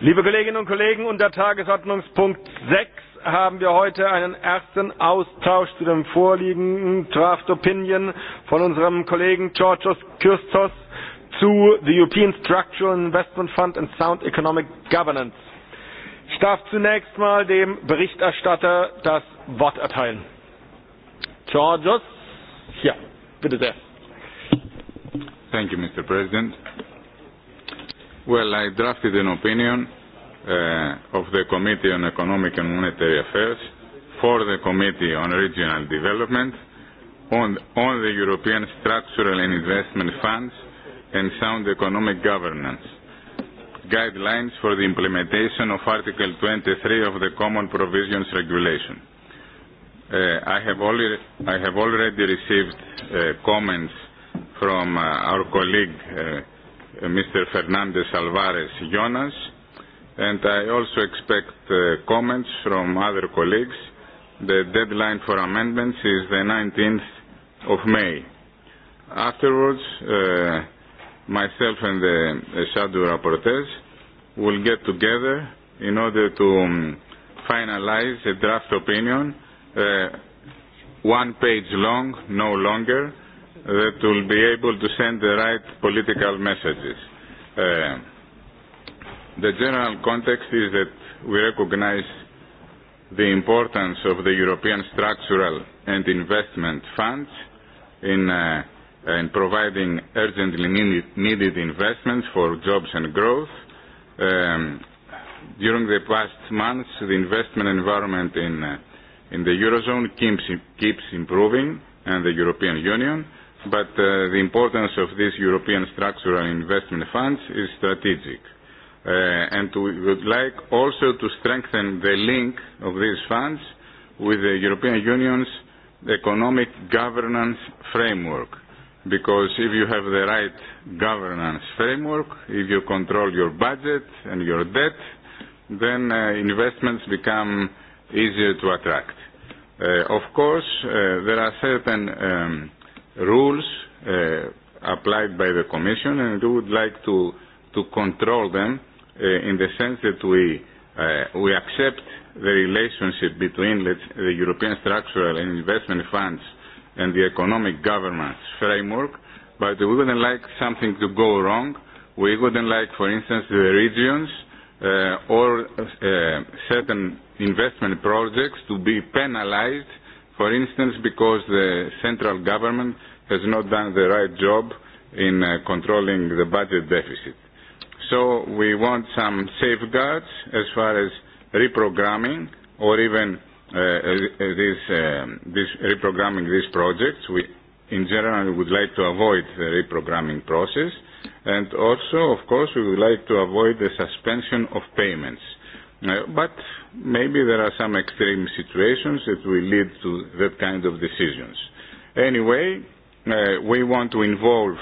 Speaker 13: Liebe Kolleginnen und Kollegen, unter Tagesordnungspunkt 6 haben wir heute einen ersten Austausch zu dem vorliegenden Draft Opinion von unserem Kollegen Georgios Kyrstos zu The European Structural Investment Fund and Sound Economic Governance. Ich darf zunächst mal dem Berichterstatter das Wort erteilen. Georgios, ja, bitte sehr.
Speaker 14: Thank you, Mr. President. Well, I drafted an opinion uh, of the Committee on Economic and Monetary Affairs for the Committee on Regional Development on, on the European Structural and Investment Funds and Sound Economic Governance guidelines for the implementation of Article 23 of the Common Provisions Regulation. Uh, I, have already, I have already received uh, comments from uh, our colleague uh, Uh, Mr. Fernandez Alvarez Jonas, and I also expect uh, comments from other colleagues. The deadline for amendments is the 19th of May. Afterwards, uh, myself and the, shadow rapporteurs will get together in order to um, finalize a draft opinion, one page long, no longer, that will be able to send the right political messages. Uh, the general context is that we recognize the importance of the European structural and investment funds in, uh, in providing urgently needed, needed investments for jobs and growth. Um, during the past months, the investment environment in, uh, in the Eurozone keeps, keeps improving and the European Union but uh, the importance of this European Structural Investment Funds is strategic. Uh, and we would like also to strengthen the link of these funds with the European Union's economic governance framework. Because if you have the right governance framework, if you control your budget and your debt, then uh, investments become easier to attract. Uh, of course, uh, there are certain um, rules uh, applied by the Commission, and we would like to, to control them uh, in the sense that we, uh, we accept the relationship between let's, the European Structural and Investment Funds and the Economic Governance Framework, but we wouldn't like something to go wrong. We wouldn't like, for instance, the regions uh, or uh, certain investment projects to be penalized for instance, because the central government has not done the right job in uh, controlling the budget deficit. So we want some safeguards as far as reprogramming or even uh, uh this, um, this reprogramming these projects. We, in general, we would like to avoid the reprogramming process. And also, of course, we would like to avoid the suspension of payments Uh, but maybe there are some extreme situations that will lead to that kind of decisions. Anyway, uh, we want to involve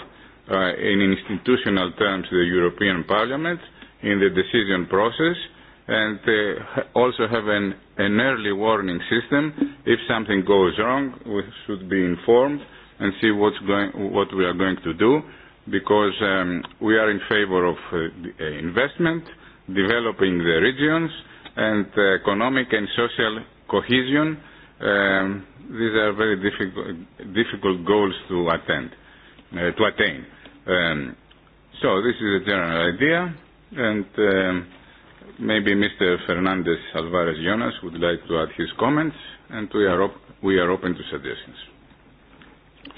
Speaker 14: uh, in institutional terms the European Parliament in the decision process and uh, also have an, an early warning system. If something goes wrong, we should be informed and see what's going, what we are going to do because um, we are in favor of uh, uh investment developing the regions and economic and social cohesion. Um, these are very difficult, difficult goals to attend, uh, to attain. Um, so this is a general idea, and um, maybe Mr. Fernandez Alvarez Jonas would like to add his comments, and we are, op we are open to suggestions.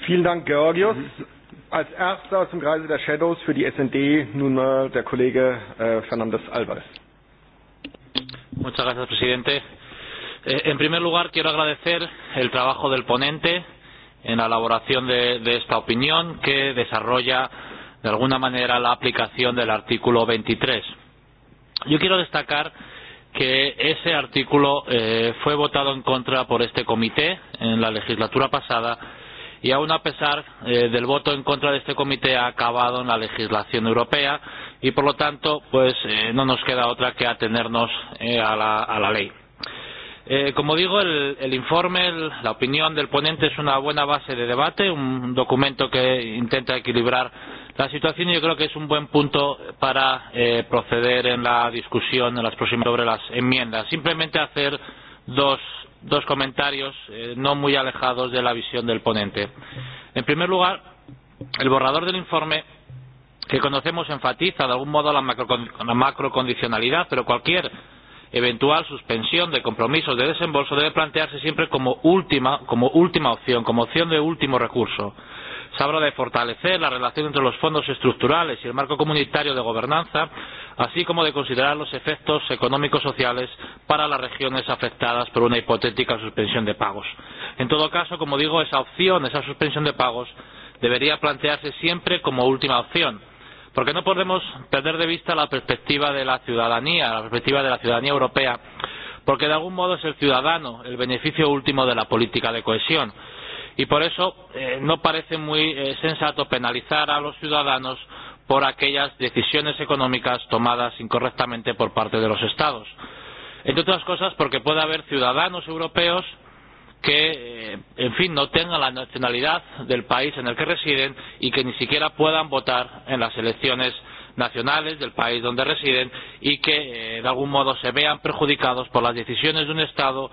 Speaker 14: Vielen Dank, Georgios. Mm -hmm.
Speaker 13: Als erster zum Kreise der Shadows für die SND nun der Kollege äh, Fernandes Alvarez.
Speaker 4: Muchas gracias, presidente. Eh, en primer lugar, quiero agradecer el trabajo del ponente en la elaboración de, de esta opinión que desarrolla de alguna manera la aplicación del artículo 23. Yo quiero destacar que ese artículo eh, fue votado en contra por este comité en la legislatura pasada y aun a pesar eh, del voto en contra de este comité ha acabado en la legislación europea y por lo tanto pues eh, no nos queda otra que atenernos eh, a, la, a la ley. Eh, como digo, el, el informe, el, la opinión del ponente es una buena base de debate, un documento que intenta equilibrar la situación y yo creo que es un buen punto para eh, proceder en la discusión en las próximas sobre las enmiendas. Simplemente hacer dos dos comentarios eh, no muy alejados de la visión del ponente. En primer lugar, el borrador del informe que conocemos enfatiza de algún modo la, macro, la macrocondicionalidad, pero cualquier eventual suspensión de compromisos de desembolso debe plantearse siempre como última, como última opción, como opción de último recurso habla de fortalecer la relación entre los fondos estructurales y el marco comunitario de gobernanza, así como de considerar los efectos económicos sociales para las regiones afectadas por una hipotética suspensión de pagos. En todo caso, como digo, esa opción, esa suspensión de pagos, debería plantearse siempre como última opción, porque no podemos perder de vista la perspectiva de la ciudadanía, la perspectiva de la ciudadanía europea, porque de algún modo es el ciudadano el beneficio último de la política de cohesión y por eso eh, no parece muy eh, sensato penalizar a los ciudadanos por aquellas decisiones económicas tomadas incorrectamente por parte de los estados entre otras cosas porque puede haber ciudadanos europeos que eh, en fin no tengan la nacionalidad del país en el que residen y que ni siquiera puedan votar en las elecciones nacionales del país donde residen y que eh, de algún modo se vean perjudicados por las decisiones de un estado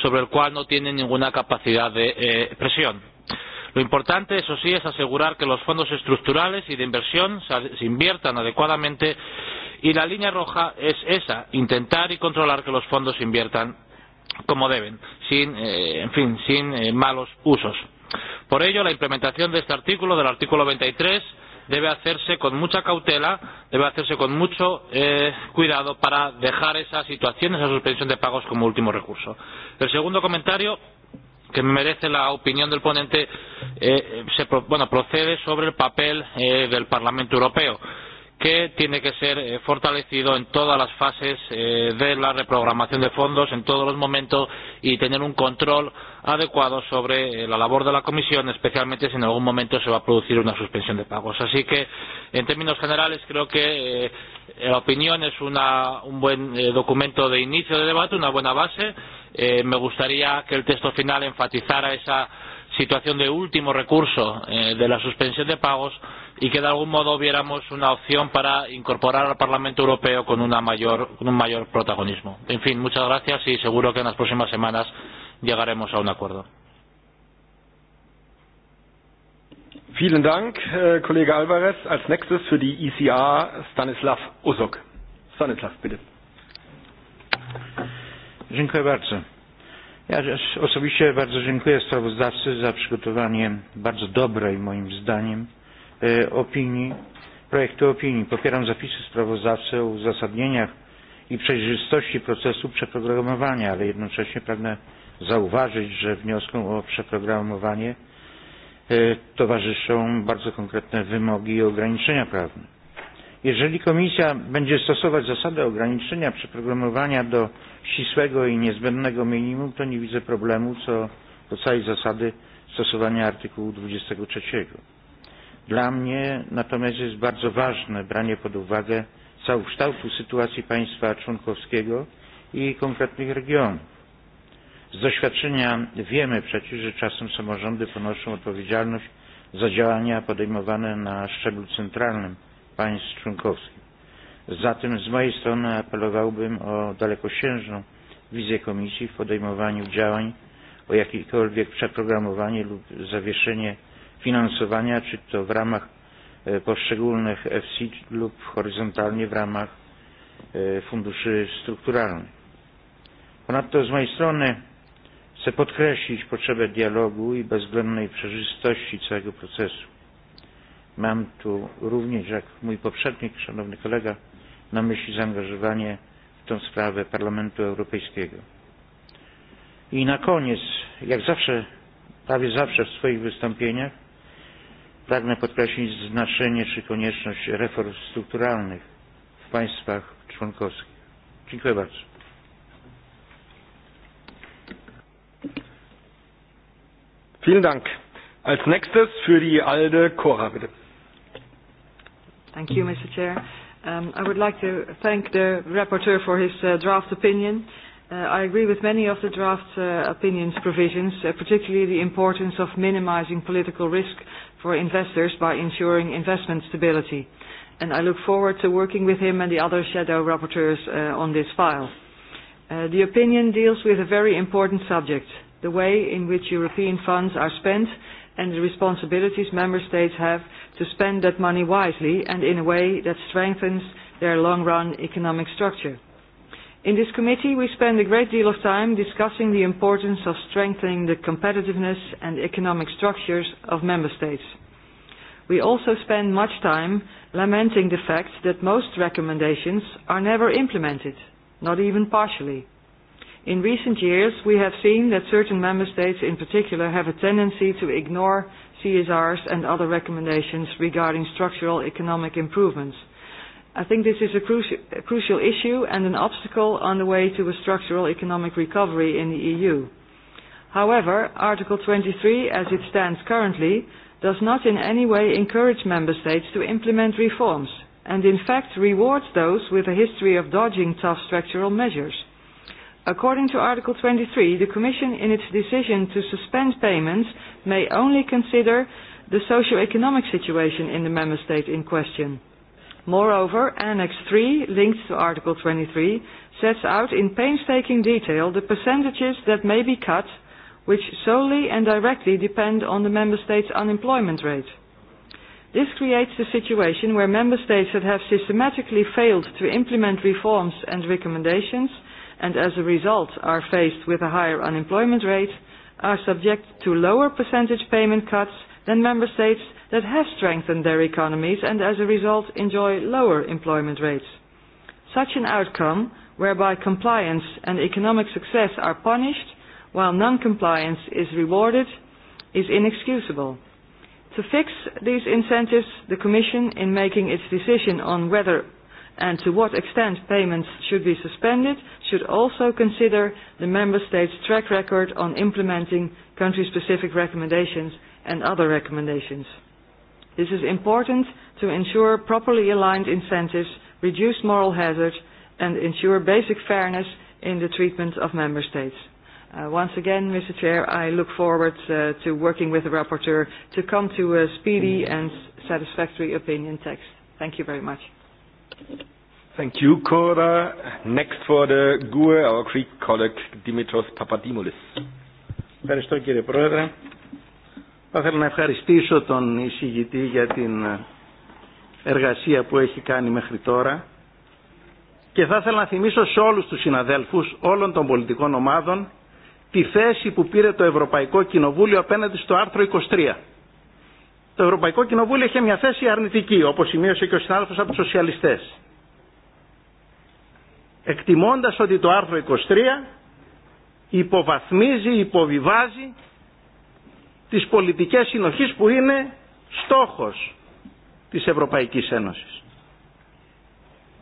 Speaker 4: sobre el cual no tienen ninguna capacidad de eh, presión. Lo importante, eso sí, es asegurar que los fondos estructurales y de inversión se inviertan adecuadamente y la línea roja es esa, intentar y controlar que los fondos inviertan como deben, sin, eh, en fin, sin eh, malos usos. Por ello, la implementación de este artículo, del artículo 23, debe hacerse con mucha cautela, debe hacerse con mucho eh, cuidado para dejar esa situación, esa suspensión de pagos como último recurso. El segundo comentario que merece la opinión del ponente eh, se, bueno, procede sobre el papel eh, del Parlamento Europeo que tiene que ser eh, fortalecido en todas las fases eh, de la reprogramación de fondos, en todos los momentos y tener un control adecuado sobre eh, la labor de la Comisión, especialmente si en algún momento se va a producir una suspensión de pagos. Así que, en términos generales, creo que la opinión es una, un buen documento de inicio de debate, una buena base. Eh, me gustaría que el texto final enfatizara esa situación de último recurso eh, de la suspensión de pagos y que de algún modo viéramos una opción para incorporar al Parlamento Europeo con, una mayor, con un mayor protagonismo. En fin, muchas gracias y seguro que en las próximas semanas llegaremos
Speaker 13: a un acuerdo. Vielen Dank, äh, Kollege Alvarez. Als nächstes für die ICA e Stanislav Usok. Stanislav, bitte. Dziękuję bardzo. Ja osobiście
Speaker 5: bardzo dziękuję sprawozdawcy za przygotowanie bardzo dobrej, moim zdaniem, E, opinii, projektu opinii. Popieram zapisy sprawozdawcy o uzasadnieniach i przejrzystości procesu przeprogramowania, ale jednocześnie pragnę zauważyć, że wnioskom o przeprogramowanie e, towarzyszą bardzo konkretne wymogi i ograniczenia prawne. Jeżeli Komisja będzie stosować zasadę ograniczenia przeprogramowania do ścisłego i niezbędnego minimum, to nie widzę problemu co do całej zasady stosowania artykułu 23. Dla mnie natomiast jest bardzo ważne branie pod uwagę całokształtu sytuacji państwa członkowskiego i konkretnych regionów. Z doświadczenia wiemy przecież, że czasem samorządy ponoszą odpowiedzialność za działania podejmowane na szczeblu centralnym państw członkowskich. Zatem z mojej strony apelowałbym o dalekosiężną wizję Komisji w podejmowaniu działań o jakiekolwiek przeprogramowanie lub zawieszenie finansowania, czy to w ramach e, poszczególnych FC lub horyzontalnie w ramach e, funduszy strukturalnych. Ponadto z mojej strony chcę podkreślić potrzebę dialogu i bezwzględnej przejrzystości całego procesu. Mam tu również, jak mój poprzednik, szanowny kolega, na myśli zaangażowanie w tę sprawę Parlamentu Europejskiego. I na koniec, jak zawsze, prawie zawsze w swoich wystąpieniach, Pragnę podkreślić znaczenie czy konieczność reform strukturalnych w państwach członkowskich.
Speaker 13: Dziękuję bardzo. Vielen Dank. Als nächstes für die ALDE Cora, bitte.
Speaker 6: Thank you, Mr. Chair. Um, I would like to thank the rapporteur for his uh, draft opinion. Uh, I agree with many of the draft uh, opinions provisions, uh, particularly the importance of minimizing political risk for investors by ensuring investment stability. And I look forward to working with him and the other shadow rapporteurs uh, on this file. Uh, the opinion deals with a very important subject, the way in which European funds are spent and the responsibilities member states have to spend that money wisely and in a way that strengthens their long-run economic structure. In this committee, we spend a great deal of time discussing the importance of strengthening the competitiveness and economic structures of member states. We also spend much time lamenting the fact that most recommendations are never implemented, not even partially. In recent years, we have seen that certain member states in particular have a tendency to ignore CSRs and other recommendations regarding structural economic improvements – i think this is a, cruci a crucial issue and an obstacle on the way to a structural economic recovery in the EU. However, Article 23, as it stands currently, does not in any way encourage member states to implement reforms and in fact rewards those with a history of dodging tough structural measures. According to Article 23, the Commission in its decision to suspend payments may only consider the socio-economic situation in the member state in question. Moreover, Annex 3, linked to Article 23, sets out in painstaking detail the percentages that may be cut, which solely and directly depend on the Member States' unemployment rate. This creates a situation where Member States that have systematically failed to implement reforms and recommendations, and as a result are faced with a higher unemployment rate, are subject to lower percentage payment cuts than Member States that have strengthened their economies and as a result enjoy lower employment rates. Such an outcome, whereby compliance and economic success are punished while non-compliance is rewarded, is inexcusable. To fix these incentives, the Commission, in making its decision on whether and to what extent payments should be suspended, should also consider the Member States' track record on implementing country-specific recommendations and other recommendations. This is important to ensure properly aligned incentives, reduce moral hazard, and ensure basic fairness in the treatment of member states. Uh, once again, Mr. Chair, I look forward uh, to working with the rapporteur to come to a speedy and satisfactory opinion text. Thank you very much.
Speaker 13: Thank you, Cora. Next for the GUE, our Greek colleague, Dimitros Papadimoulis.
Speaker 15: Θα ήθελα να ευχαριστήσω τον εισηγητή για την εργασία που έχει κάνει μέχρι τώρα και θα ήθελα να θυμίσω σε όλους τους συναδέλφους όλων των πολιτικών ομάδων τη θέση που πήρε το Ευρωπαϊκό Κοινοβούλιο απέναντι στο άρθρο 23. Το Ευρωπαϊκό Κοινοβούλιο είχε μια θέση αρνητική, όπως σημείωσε και ο συνάδελφος από τους σοσιαλιστές. Εκτιμώντας ότι το άρθρο 23 υποβαθμίζει, υποβιβάζει τις πολιτικές συνοχής που είναι στόχος της Ευρωπαϊκής Ένωσης.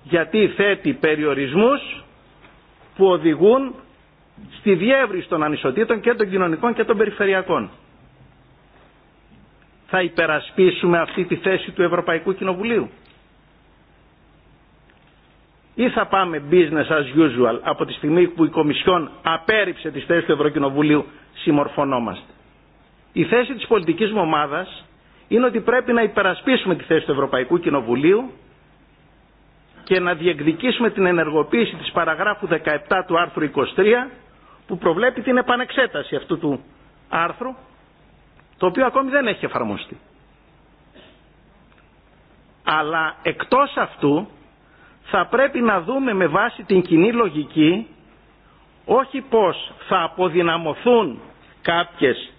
Speaker 15: Γιατί θέτει περιορισμούς που οδηγούν στη διεύρυνση των ανισοτήτων και των κοινωνικών και των περιφερειακών. Θα υπερασπίσουμε αυτή τη θέση του Ευρωπαϊκού Κοινοβουλίου. Ή θα πάμε business as usual από τη στιγμή που η Κομισιόν απέρριψε τις θέσεις του Ευρωκοινοβουλίου συμμορφωνόμαστε. Η θέση της πολιτικής μου ομάδας είναι ότι πρέπει να υπερασπίσουμε τη θέση του Ευρωπαϊκού Κοινοβουλίου και να διεκδικήσουμε την ενεργοποίηση της παραγράφου 17 του άρθρου 23 που προβλέπει την επανεξέταση αυτού του άρθρου το οποίο ακόμη δεν έχει εφαρμοστεί. Αλλά εκτός αυτού θα πρέπει να δούμε με βάση την κοινή λογική όχι πως θα αποδυναμωθούν κάποιες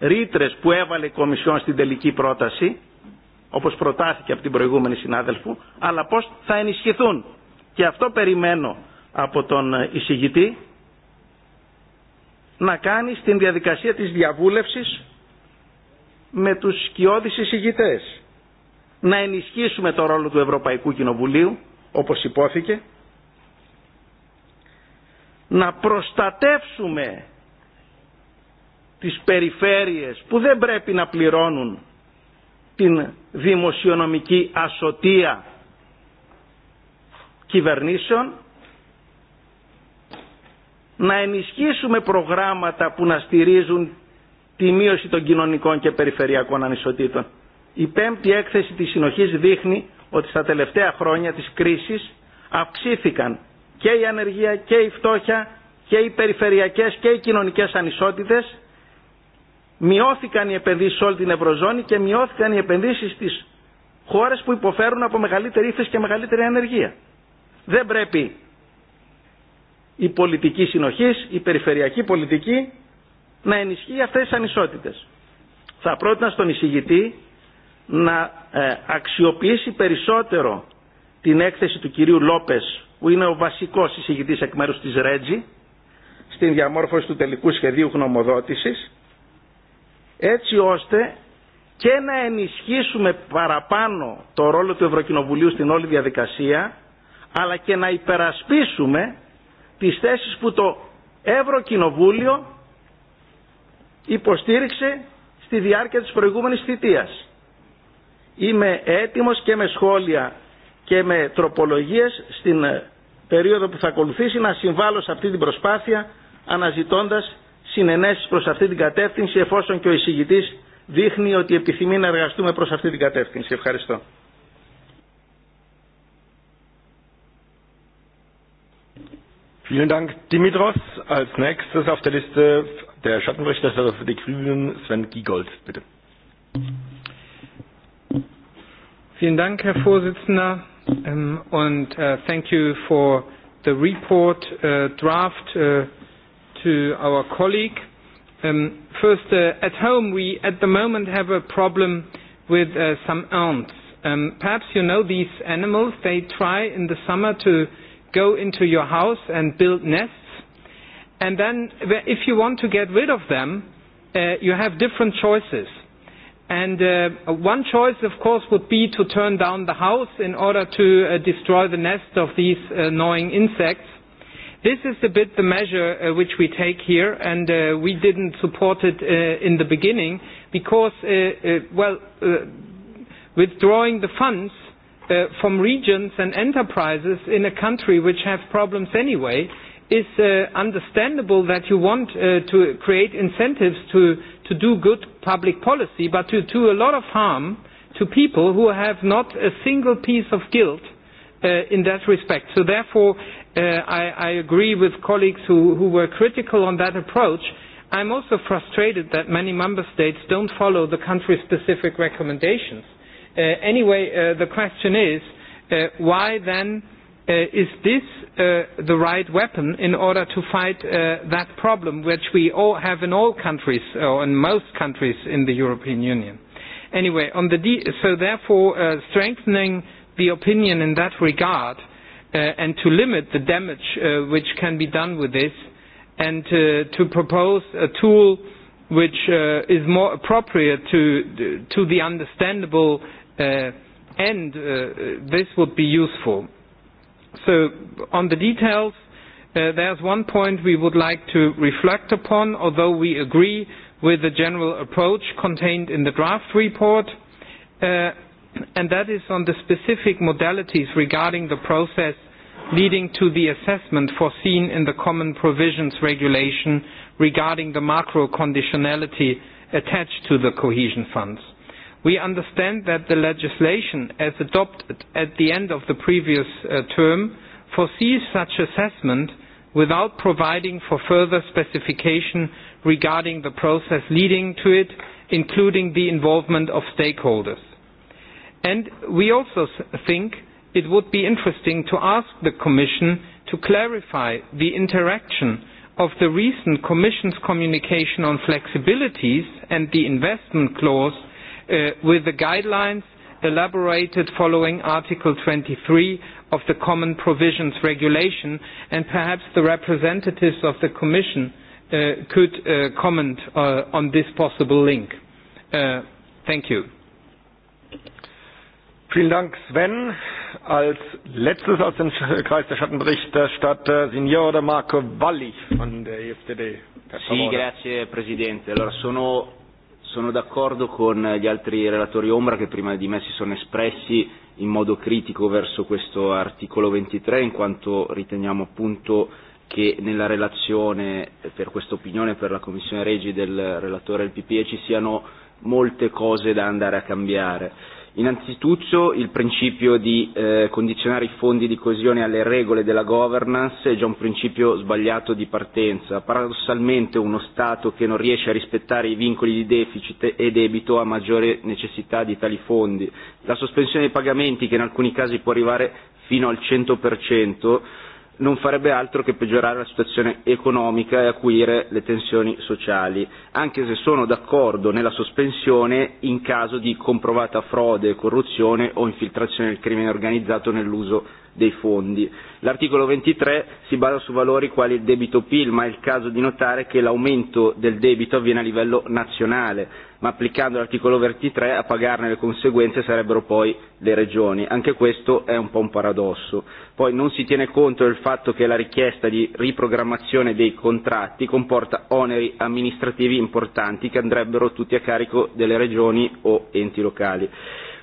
Speaker 15: ρήτρες που έβαλε η Κομισιόν στην τελική πρόταση, όπως προτάθηκε από την προηγούμενη συνάδελφο, αλλά πώς θα ενισχυθούν. Και αυτό περιμένω από τον εισηγητή να κάνει στην διαδικασία της διαβούλευσης με τους σκιώδεις εισηγητέ. Να ενισχύσουμε το ρόλο του Ευρωπαϊκού Κοινοβουλίου, όπως υπόθηκε, να προστατεύσουμε τις περιφέρειες που δεν πρέπει να πληρώνουν την δημοσιονομική ασωτεία κυβερνήσεων, να ενισχύσουμε προγράμματα που να στηρίζουν τη μείωση των κοινωνικών και περιφερειακών ανισοτήτων. Η πέμπτη έκθεση της συνοχής δείχνει ότι στα τελευταία χρόνια της κρίσης αυξήθηκαν και η ανεργία και η φτώχεια και οι περιφερειακές και οι κοινωνικές ανισότητες μειώθηκαν οι επενδύσεις σε όλη την Ευρωζώνη και μειώθηκαν οι επενδύσεις στις χώρες που υποφέρουν από μεγαλύτερη ύφεση και μεγαλύτερη ανεργία. Δεν πρέπει η πολιτική συνοχής, η περιφερειακή πολιτική να ενισχύει αυτές τις ανισότητες. Θα πρότεινα στον εισηγητή να αξιοποιήσει περισσότερο την έκθεση του κυρίου Λόπες που είναι ο βασικός εισηγητής εκ μέρους της Ρέτζη στην διαμόρφωση του τελικού σχεδίου γνωμοδότησης έτσι ώστε και να ενισχύσουμε παραπάνω το ρόλο του Ευρωκοινοβουλίου στην όλη διαδικασία, αλλά και να υπερασπίσουμε τις θέσεις που το Ευρωκοινοβούλιο υποστήριξε στη διάρκεια της προηγούμενης θητείας. Είμαι έτοιμος και με σχόλια και με τροπολογίες στην περίοδο που θα ακολουθήσει να συμβάλλω σε αυτή την προσπάθεια αναζητώντας συνενέσει προ αυτή την κατεύθυνση εφόσον και ο εισηγητή δείχνει ότι επιθυμεί να εργαστούμε αυτή την κατεύθυνση.
Speaker 13: Vielen Dank, Dimitros. Als nächstes auf der Liste der
Speaker 16: für die Grünen, bitte. Vielen Dank, Herr Vorsitzender, ähm, und äh, thank you for the report äh, draft. Äh, to our colleague. Um, first, uh, at home, we at the moment have a problem with uh, some ants. Um, perhaps you know these animals. They try in the summer to go into your house and build nests. And then, if you want to get rid of them, uh, you have different choices. And uh, one choice, of course, would be to turn down the house in order to uh, destroy the nest of these uh, annoying insects. This is a bit the measure uh, which we take here, and uh, we didn't support it uh, in the beginning because, uh, uh, well, uh, withdrawing the funds uh, from regions and enterprises in a country which have problems anyway is uh, understandable that you want uh, to create incentives to, to do good public policy, but to do a lot of harm to people who have not a single piece of guilt uh, in that respect. So therefore, Uh, I, I agree with colleagues who, who were critical on that approach. I'm also frustrated that many member states don't follow the country-specific recommendations. Uh, anyway, uh, the question is, uh, why then uh, is this uh, the right weapon in order to fight uh, that problem which we all have in all countries, or in most countries in the European Union? Anyway, on the de so therefore uh, strengthening the opinion in that regard uh, uh, and to limit the damage uh, which can be done with this and uh, to propose a tool which uh, is more appropriate to, to the understandable uh, end, uh, this would be useful. So on the details, uh, there's one point we would like to reflect upon, although we agree with the general approach contained in the draft report. Uh, and that is on the specific modalities regarding the process leading to the assessment foreseen in the Common Provisions Regulation regarding the macro conditionality attached to the cohesion funds. We understand that the legislation, as adopted at the end of the previous uh, term, foresees such assessment without providing for further specification regarding the process leading to it, including the involvement of stakeholders. And we also think it would be interesting to ask the Commission to clarify the interaction of the recent Commission's communication on flexibilities and the investment clause uh, with the guidelines elaborated following Article 23 of the Common Provisions Regulation, and perhaps the representatives of the Commission uh, could uh, comment on this possible link. thank you. Vielen Dank, Sven. Als letztes aus dem Kreis der Schattenberichterstatter,
Speaker 13: äh, Signore Marco Valli von der
Speaker 10: Sì, grazie Presidente. Allora, sono, sono d'accordo con gli altri relatori Ombra che prima di me si sono espressi in modo critico verso questo articolo 23 in quanto riteniamo appunto che nella relazione per questa opinione per la Commissione Regi del relatore del PPE ci siano molte cose da andare a cambiare Innanzitutto il principio di eh, condizionare i fondi di coesione alle regole della governance è già un principio sbagliato di partenza. Paradossalmente uno Stato che non riesce a rispettare i vincoli di deficit e debito ha maggiore necessità di tali fondi. La sospensione dei pagamenti, che in alcuni casi può arrivare fino al 100%, non farebbe altro che peggiorare la situazione economica e acuire le tensioni sociali, anche se sono d'accordo nella sospensione in caso di comprovata frode, e corruzione o infiltrazione del crimine organizzato nell'uso dei fondi. L'articolo 23 si basa su valori quali il debito PIL, ma è il caso di notare che l'aumento del debito avviene a livello nazionale, ma applicando l'articolo 23 a pagarne le conseguenze sarebbero poi le regioni. Anche questo è un po' un paradosso. Poi non si tiene conto del fatto che la richiesta di riprogrammazione dei contratti comporta oneri amministrativi importanti che andrebbero tutti a carico delle regioni o enti locali.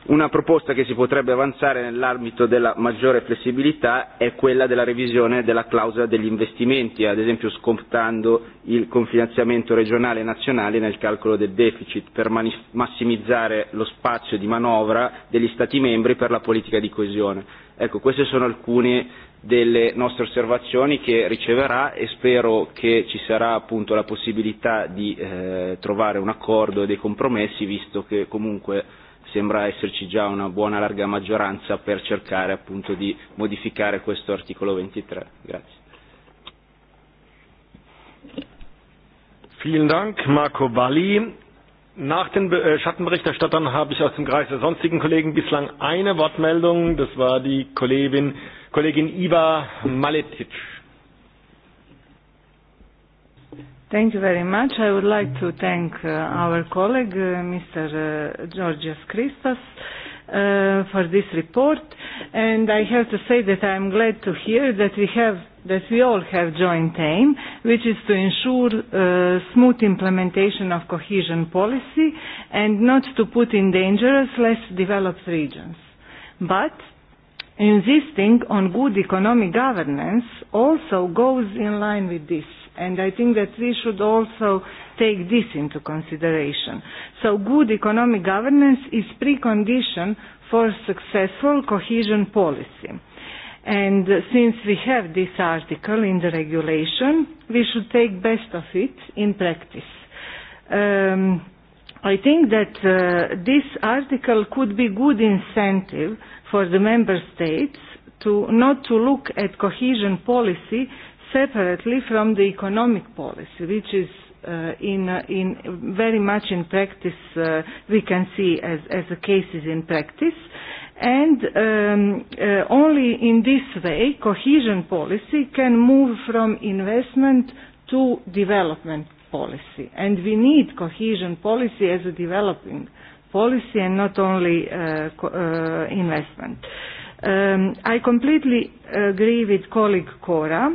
Speaker 10: Una proposta che si potrebbe avanzare nell'ambito della maggiore flessibilità è quella della revisione della clausola degli investimenti, ad esempio scontando il confinanziamento regionale e nazionale nel calcolo del deficit per massimizzare lo spazio di manovra degli Stati membri per la politica di coesione. Ecco, queste sono alcune delle nostre osservazioni che riceverà e spero che ci sarà appunto la possibilità di eh, trovare un accordo e dei compromessi visto che comunque sembra esserci già una buona larga maggioranza per cercare appunto di modificare questo articolo 23. Grazie. Vielen Dank, Marco
Speaker 13: Valli. Nach den äh, Schattenberichterstattern habe ich aus dem Kreis der sonstigen Kollegen bislang eine Wortmeldung. Das war die Kollegin, Kollegin Iva Maletic.
Speaker 17: Thank you very much. I would like to thank uh, our colleague, uh, Mr. Uh, Georgios Christos, uh, for this report. And I have to say that I am glad to hear that we have that we all have joint aim, which is to ensure uh, smooth implementation of cohesion policy and not to put in dangerous less developed regions. But insisting on good economic governance also goes in line with this And I think that we should also take this into consideration. So good economic governance is precondition for successful cohesion policy. And since we have this article in the regulation, we should take best of it in practice. Um, I think that uh, this article could be good incentive for the member states to not to look at cohesion policy separately from the economic policy, which is uh, in, uh, in very much in practice, uh, we can see as, as the cases in practice. And um, uh, only in this way, cohesion policy can move from investment to development policy. And we need cohesion policy as a developing policy and not only uh, uh, investment. Um, I completely agree with colleague Cora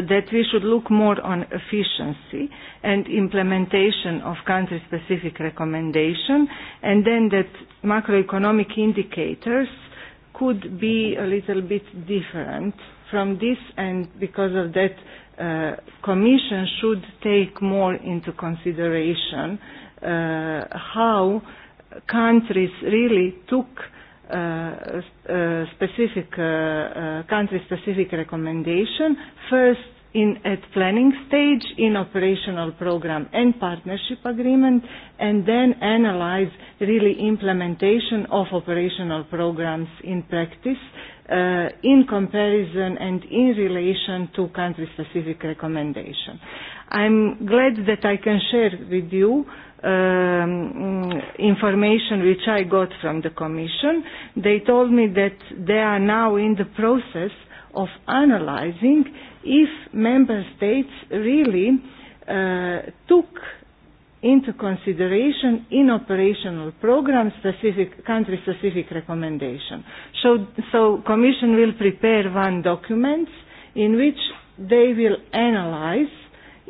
Speaker 17: that we should look more on efficiency and implementation of country specific recommendation and then that macroeconomic indicators could be a little bit different from this and because of that uh, commission should take more into consideration uh, how countries really took Eh, eh, specific eh, country specific recommendation first in at planning stage in operational program and partnership agreement and then analyze really implementation of operational programs in practice in comparison and in relation to country specific recommendation I'm glad that I can share with you um, information which I got from the Commission. They told me that they are now in the process of analyzing if member states really uh, took into consideration in operational program specific country specific recommendation so so commission will prepare one document in which they will analyze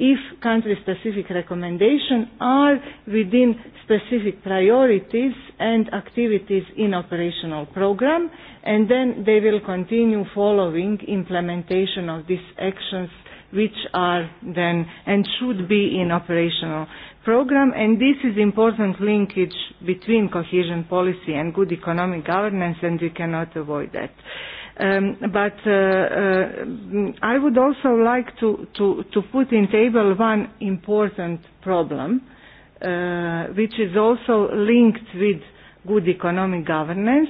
Speaker 17: if country-specific recommendations are within specific priorities and activities in operational program, and then they will continue following implementation of these actions which are then and should be in operational program and this is important linkage between cohesion policy and good economic governance and we cannot avoid that. Um, but uh, uh, I would also like to, to, to put in table one important problem, uh, which is also linked with good economic governance,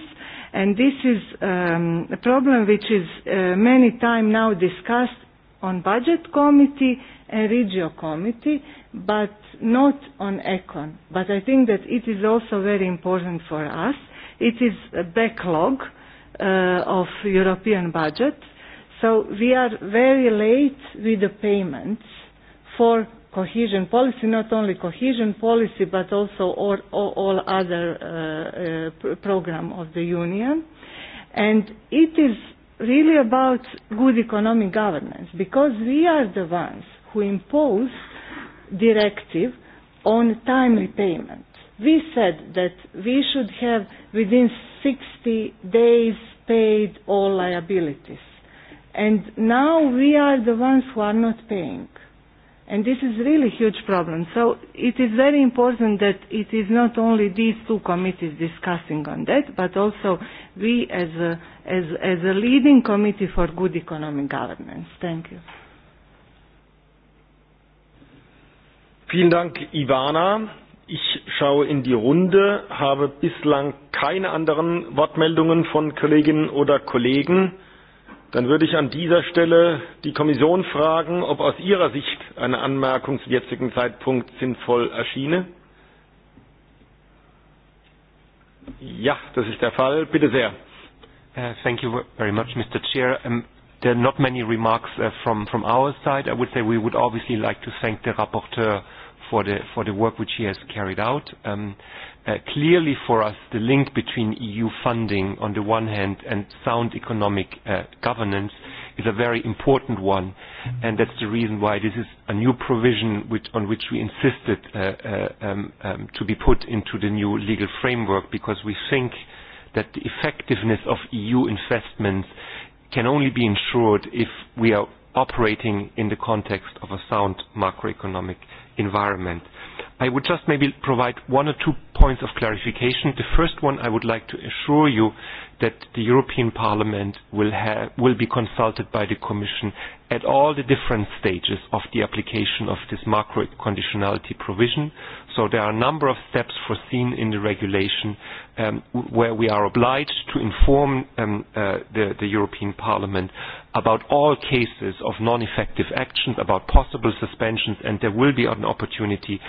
Speaker 17: and this is um, a problem which is uh, many times now discussed on budget committee and regio committee, but not on econ. But I think that it is also very important for us. It is a backlog Uh, of European budget. So we are very late with the payments for cohesion policy, not only cohesion policy but also all, other uh, uh program of the Union. And it is really about good economic governance because we are the ones who impose directive on timely payment we said that we should have within 60 days paid all liabilities. And now we are the ones who are not paying. And this is really a huge problem. So it is very important that it is not only these two committees discussing on that, but also we as a, as, as a leading committee for good economic governance. Thank you.
Speaker 13: Vielen Dank, Ivana. Ich schaue in die Runde, habe bislang keine anderen Wortmeldungen von Kolleginnen oder Kollegen. Dann würde ich an dieser Stelle die Kommission fragen, ob aus ihrer Sicht eine Anmerkung zum jetzigen Zeitpunkt sinnvoll erschiene. Ja, das ist der Fall. Bitte sehr.
Speaker 18: Uh, thank you very much, Mr. Chair. Um, there are not many remarks uh, from, from our side. I would say we would obviously like to thank the rapporteur for the, for the work which he has carried out. Um, uh, clearly for us, the link between EU funding on the one hand and sound economic uh, governance is a very important one, and that's the reason why this is a new provision which, on which we insisted uh, uh, um, um, to be put into the new legal framework, because we think that the effectiveness of EU investments can only be ensured if we are operating in the context of a sound macroeconomic environment. I would just maybe provide one or two points of clarification. The first one, I would like to assure you that the European Parliament will, have, will be consulted by the Commission at all the different stages of the application of this macro conditionality provision So there are a number of steps foreseen in the regulation um, where we are obliged to inform um, uh, the, the European Parliament about all cases of non-effective actions, about possible suspensions, and there will be an opportunity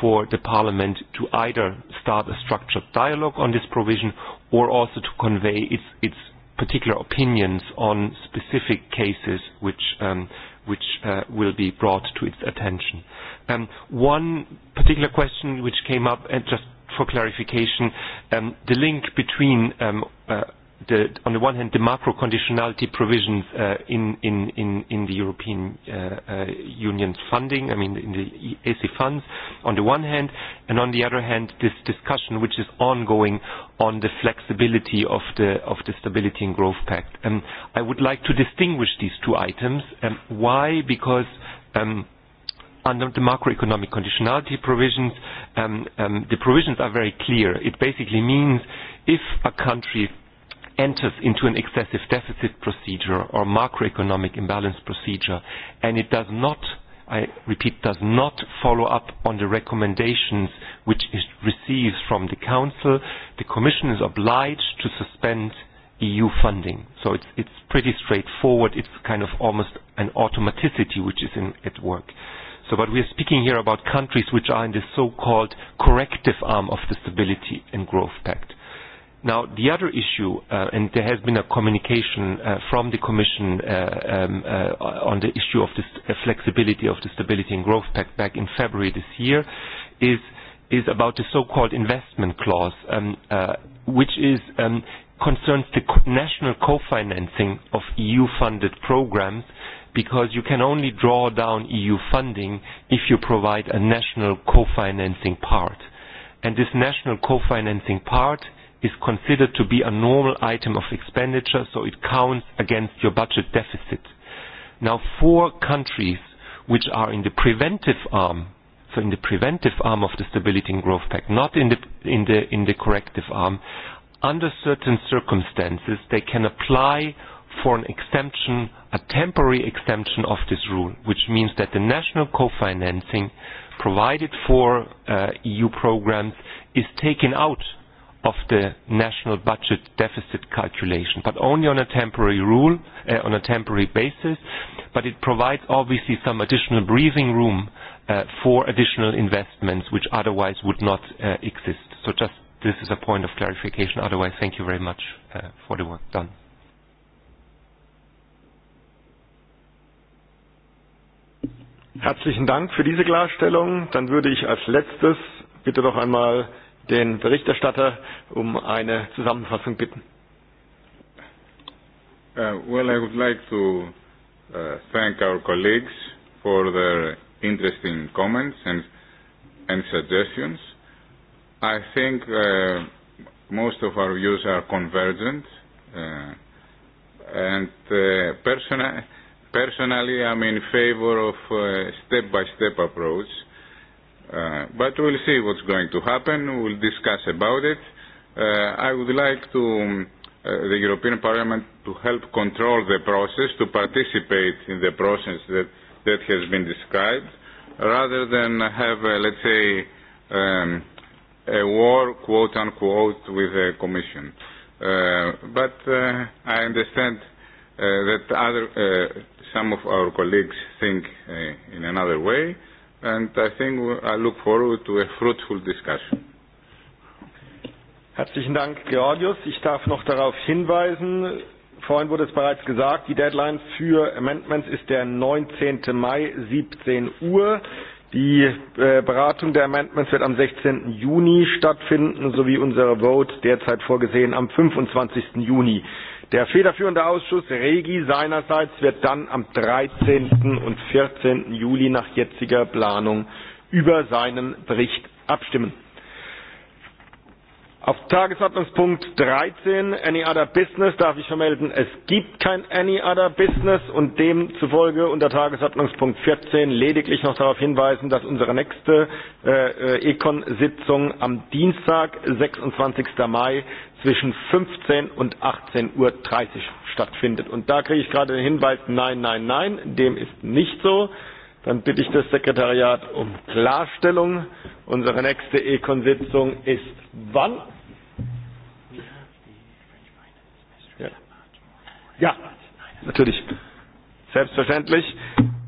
Speaker 18: for the Parliament to either start a structured dialogue on this provision or also to convey its, its particular opinions on specific cases which um, which uh, will be brought to its attention. Um, one particular question which came up, and uh, just for clarification, um, the link between um, uh, the, on the one hand, the macro conditionality provisions uh, in, in, in, in the European uh, uh, Union's funding, I mean, in the e AC funds, on the one hand, and on the other hand, this discussion which is ongoing on the flexibility of the, of the Stability and Growth Pact. Um, I would like to distinguish these two items. Um, why? Because um, under the macroeconomic conditionality provisions, um, um, the provisions are very clear. It basically means if a country enters into an excessive deficit procedure or macroeconomic imbalance procedure and it does not I repeat, does not follow up on the recommendations which it receives from the Council, the Commission is obliged to suspend EU funding. So it's, it's pretty straightforward. It's kind of almost an automaticity which is in, at work. So, but we are speaking here about countries which are in the so-called corrective arm of the Stability and Growth Pact. Now, the other issue, uh, and there has been a communication uh, from the Commission uh, um, uh, on the issue of the uh, flexibility of the Stability and Growth Pact back in February this year, is, is about the so-called investment clause, um, uh, which is, um, concerns the national co-financing of EU-funded programs because you can only draw down EU funding if you provide a national co-financing part. And this national co-financing part – is considered to be a normal item of expenditure, so it counts against your budget deficit. Now, four countries which are in the preventive arm, so in the preventive arm of the Stability and Growth Pact, not in the, in the, in the corrective arm, under certain circumstances, they can apply for an exemption, a temporary exemption of this rule, which means that the national co-financing provided for uh, EU programs is taken out of the national budget deficit calculation, but only on a temporary rule, uh, on a temporary basis. But it provides obviously some additional breathing room uh, for additional investments which otherwise would not uh, exist. So just this is a point of clarification. Otherwise, thank you very much
Speaker 13: uh, for the work done. Herzlichen Dank für diese Klarstellung. Dann würde ich als letztes bitte doch einmal den Berichterstatter um eine Zusammenfassung bitten.
Speaker 14: Uh, well, I would like to uh, thank our colleagues for their interesting comments and, and suggestions. I think uh, most of our views are convergent. Uh, and uh, personally, personally, I'm in favor of a uh, step by -step approach Uh, but we'll see what's going to happen. We'll discuss about it. Uh, I would like to um, uh, the European Parliament to help control the process, to participate in the process that, that has been described, rather than have, uh, let's say, um, a war, quote unquote, with the Commission. Uh, but uh, I understand uh, that other, uh, some of our colleagues think uh, in another way and I think I look forward to a fruitful discussion. Herzlichen Dank, Georgios. Ich darf noch
Speaker 13: darauf hinweisen, vorhin wurde es bereits gesagt, die Deadline für Amendments ist der 19. Mai, 17 Uhr. Die äh, Beratung der Amendments wird am 16. Juni stattfinden, sowie unsere Vote derzeit vorgesehen am 25. Juni. Der federführende Ausschuss Regi seinerseits wird dann am 13. und 14. Juli nach jetziger Planung über seinen Bericht abstimmen. Auf Tagesordnungspunkt 13, Any Other Business, darf ich vermelden, es gibt kein Any Other Business und demzufolge unter Tagesordnungspunkt 14 lediglich noch darauf hinweisen, dass unsere nächste äh, äh Econ-Sitzung am Dienstag, 26. Mai zwischen 15 und 18.30 Uhr stattfindet. Und da kriege ich gerade den Hinweis, nein, nein, nein, dem ist nicht so. Dann bitte ich das Sekretariat um Klarstellung. Unsere nächste Econ-Sitzung ist wann? Ja. ja, natürlich. Selbstverständlich.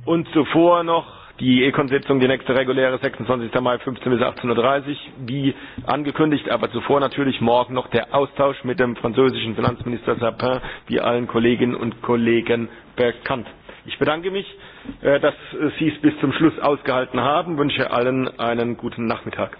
Speaker 13: Und zuvor noch die ECON-Sitzung, die nächste reguläre 26. Mai 15 bis 18.30 Uhr, wie angekündigt, aber zuvor natürlich morgen noch der Austausch mit dem französischen Finanzminister Sapin, wie allen Kolleginnen und Kollegen bekannt. Ich bedanke mich, äh, dass äh, Sie es bis zum Schluss ausgehalten haben, wünsche allen einen guten Nachmittag.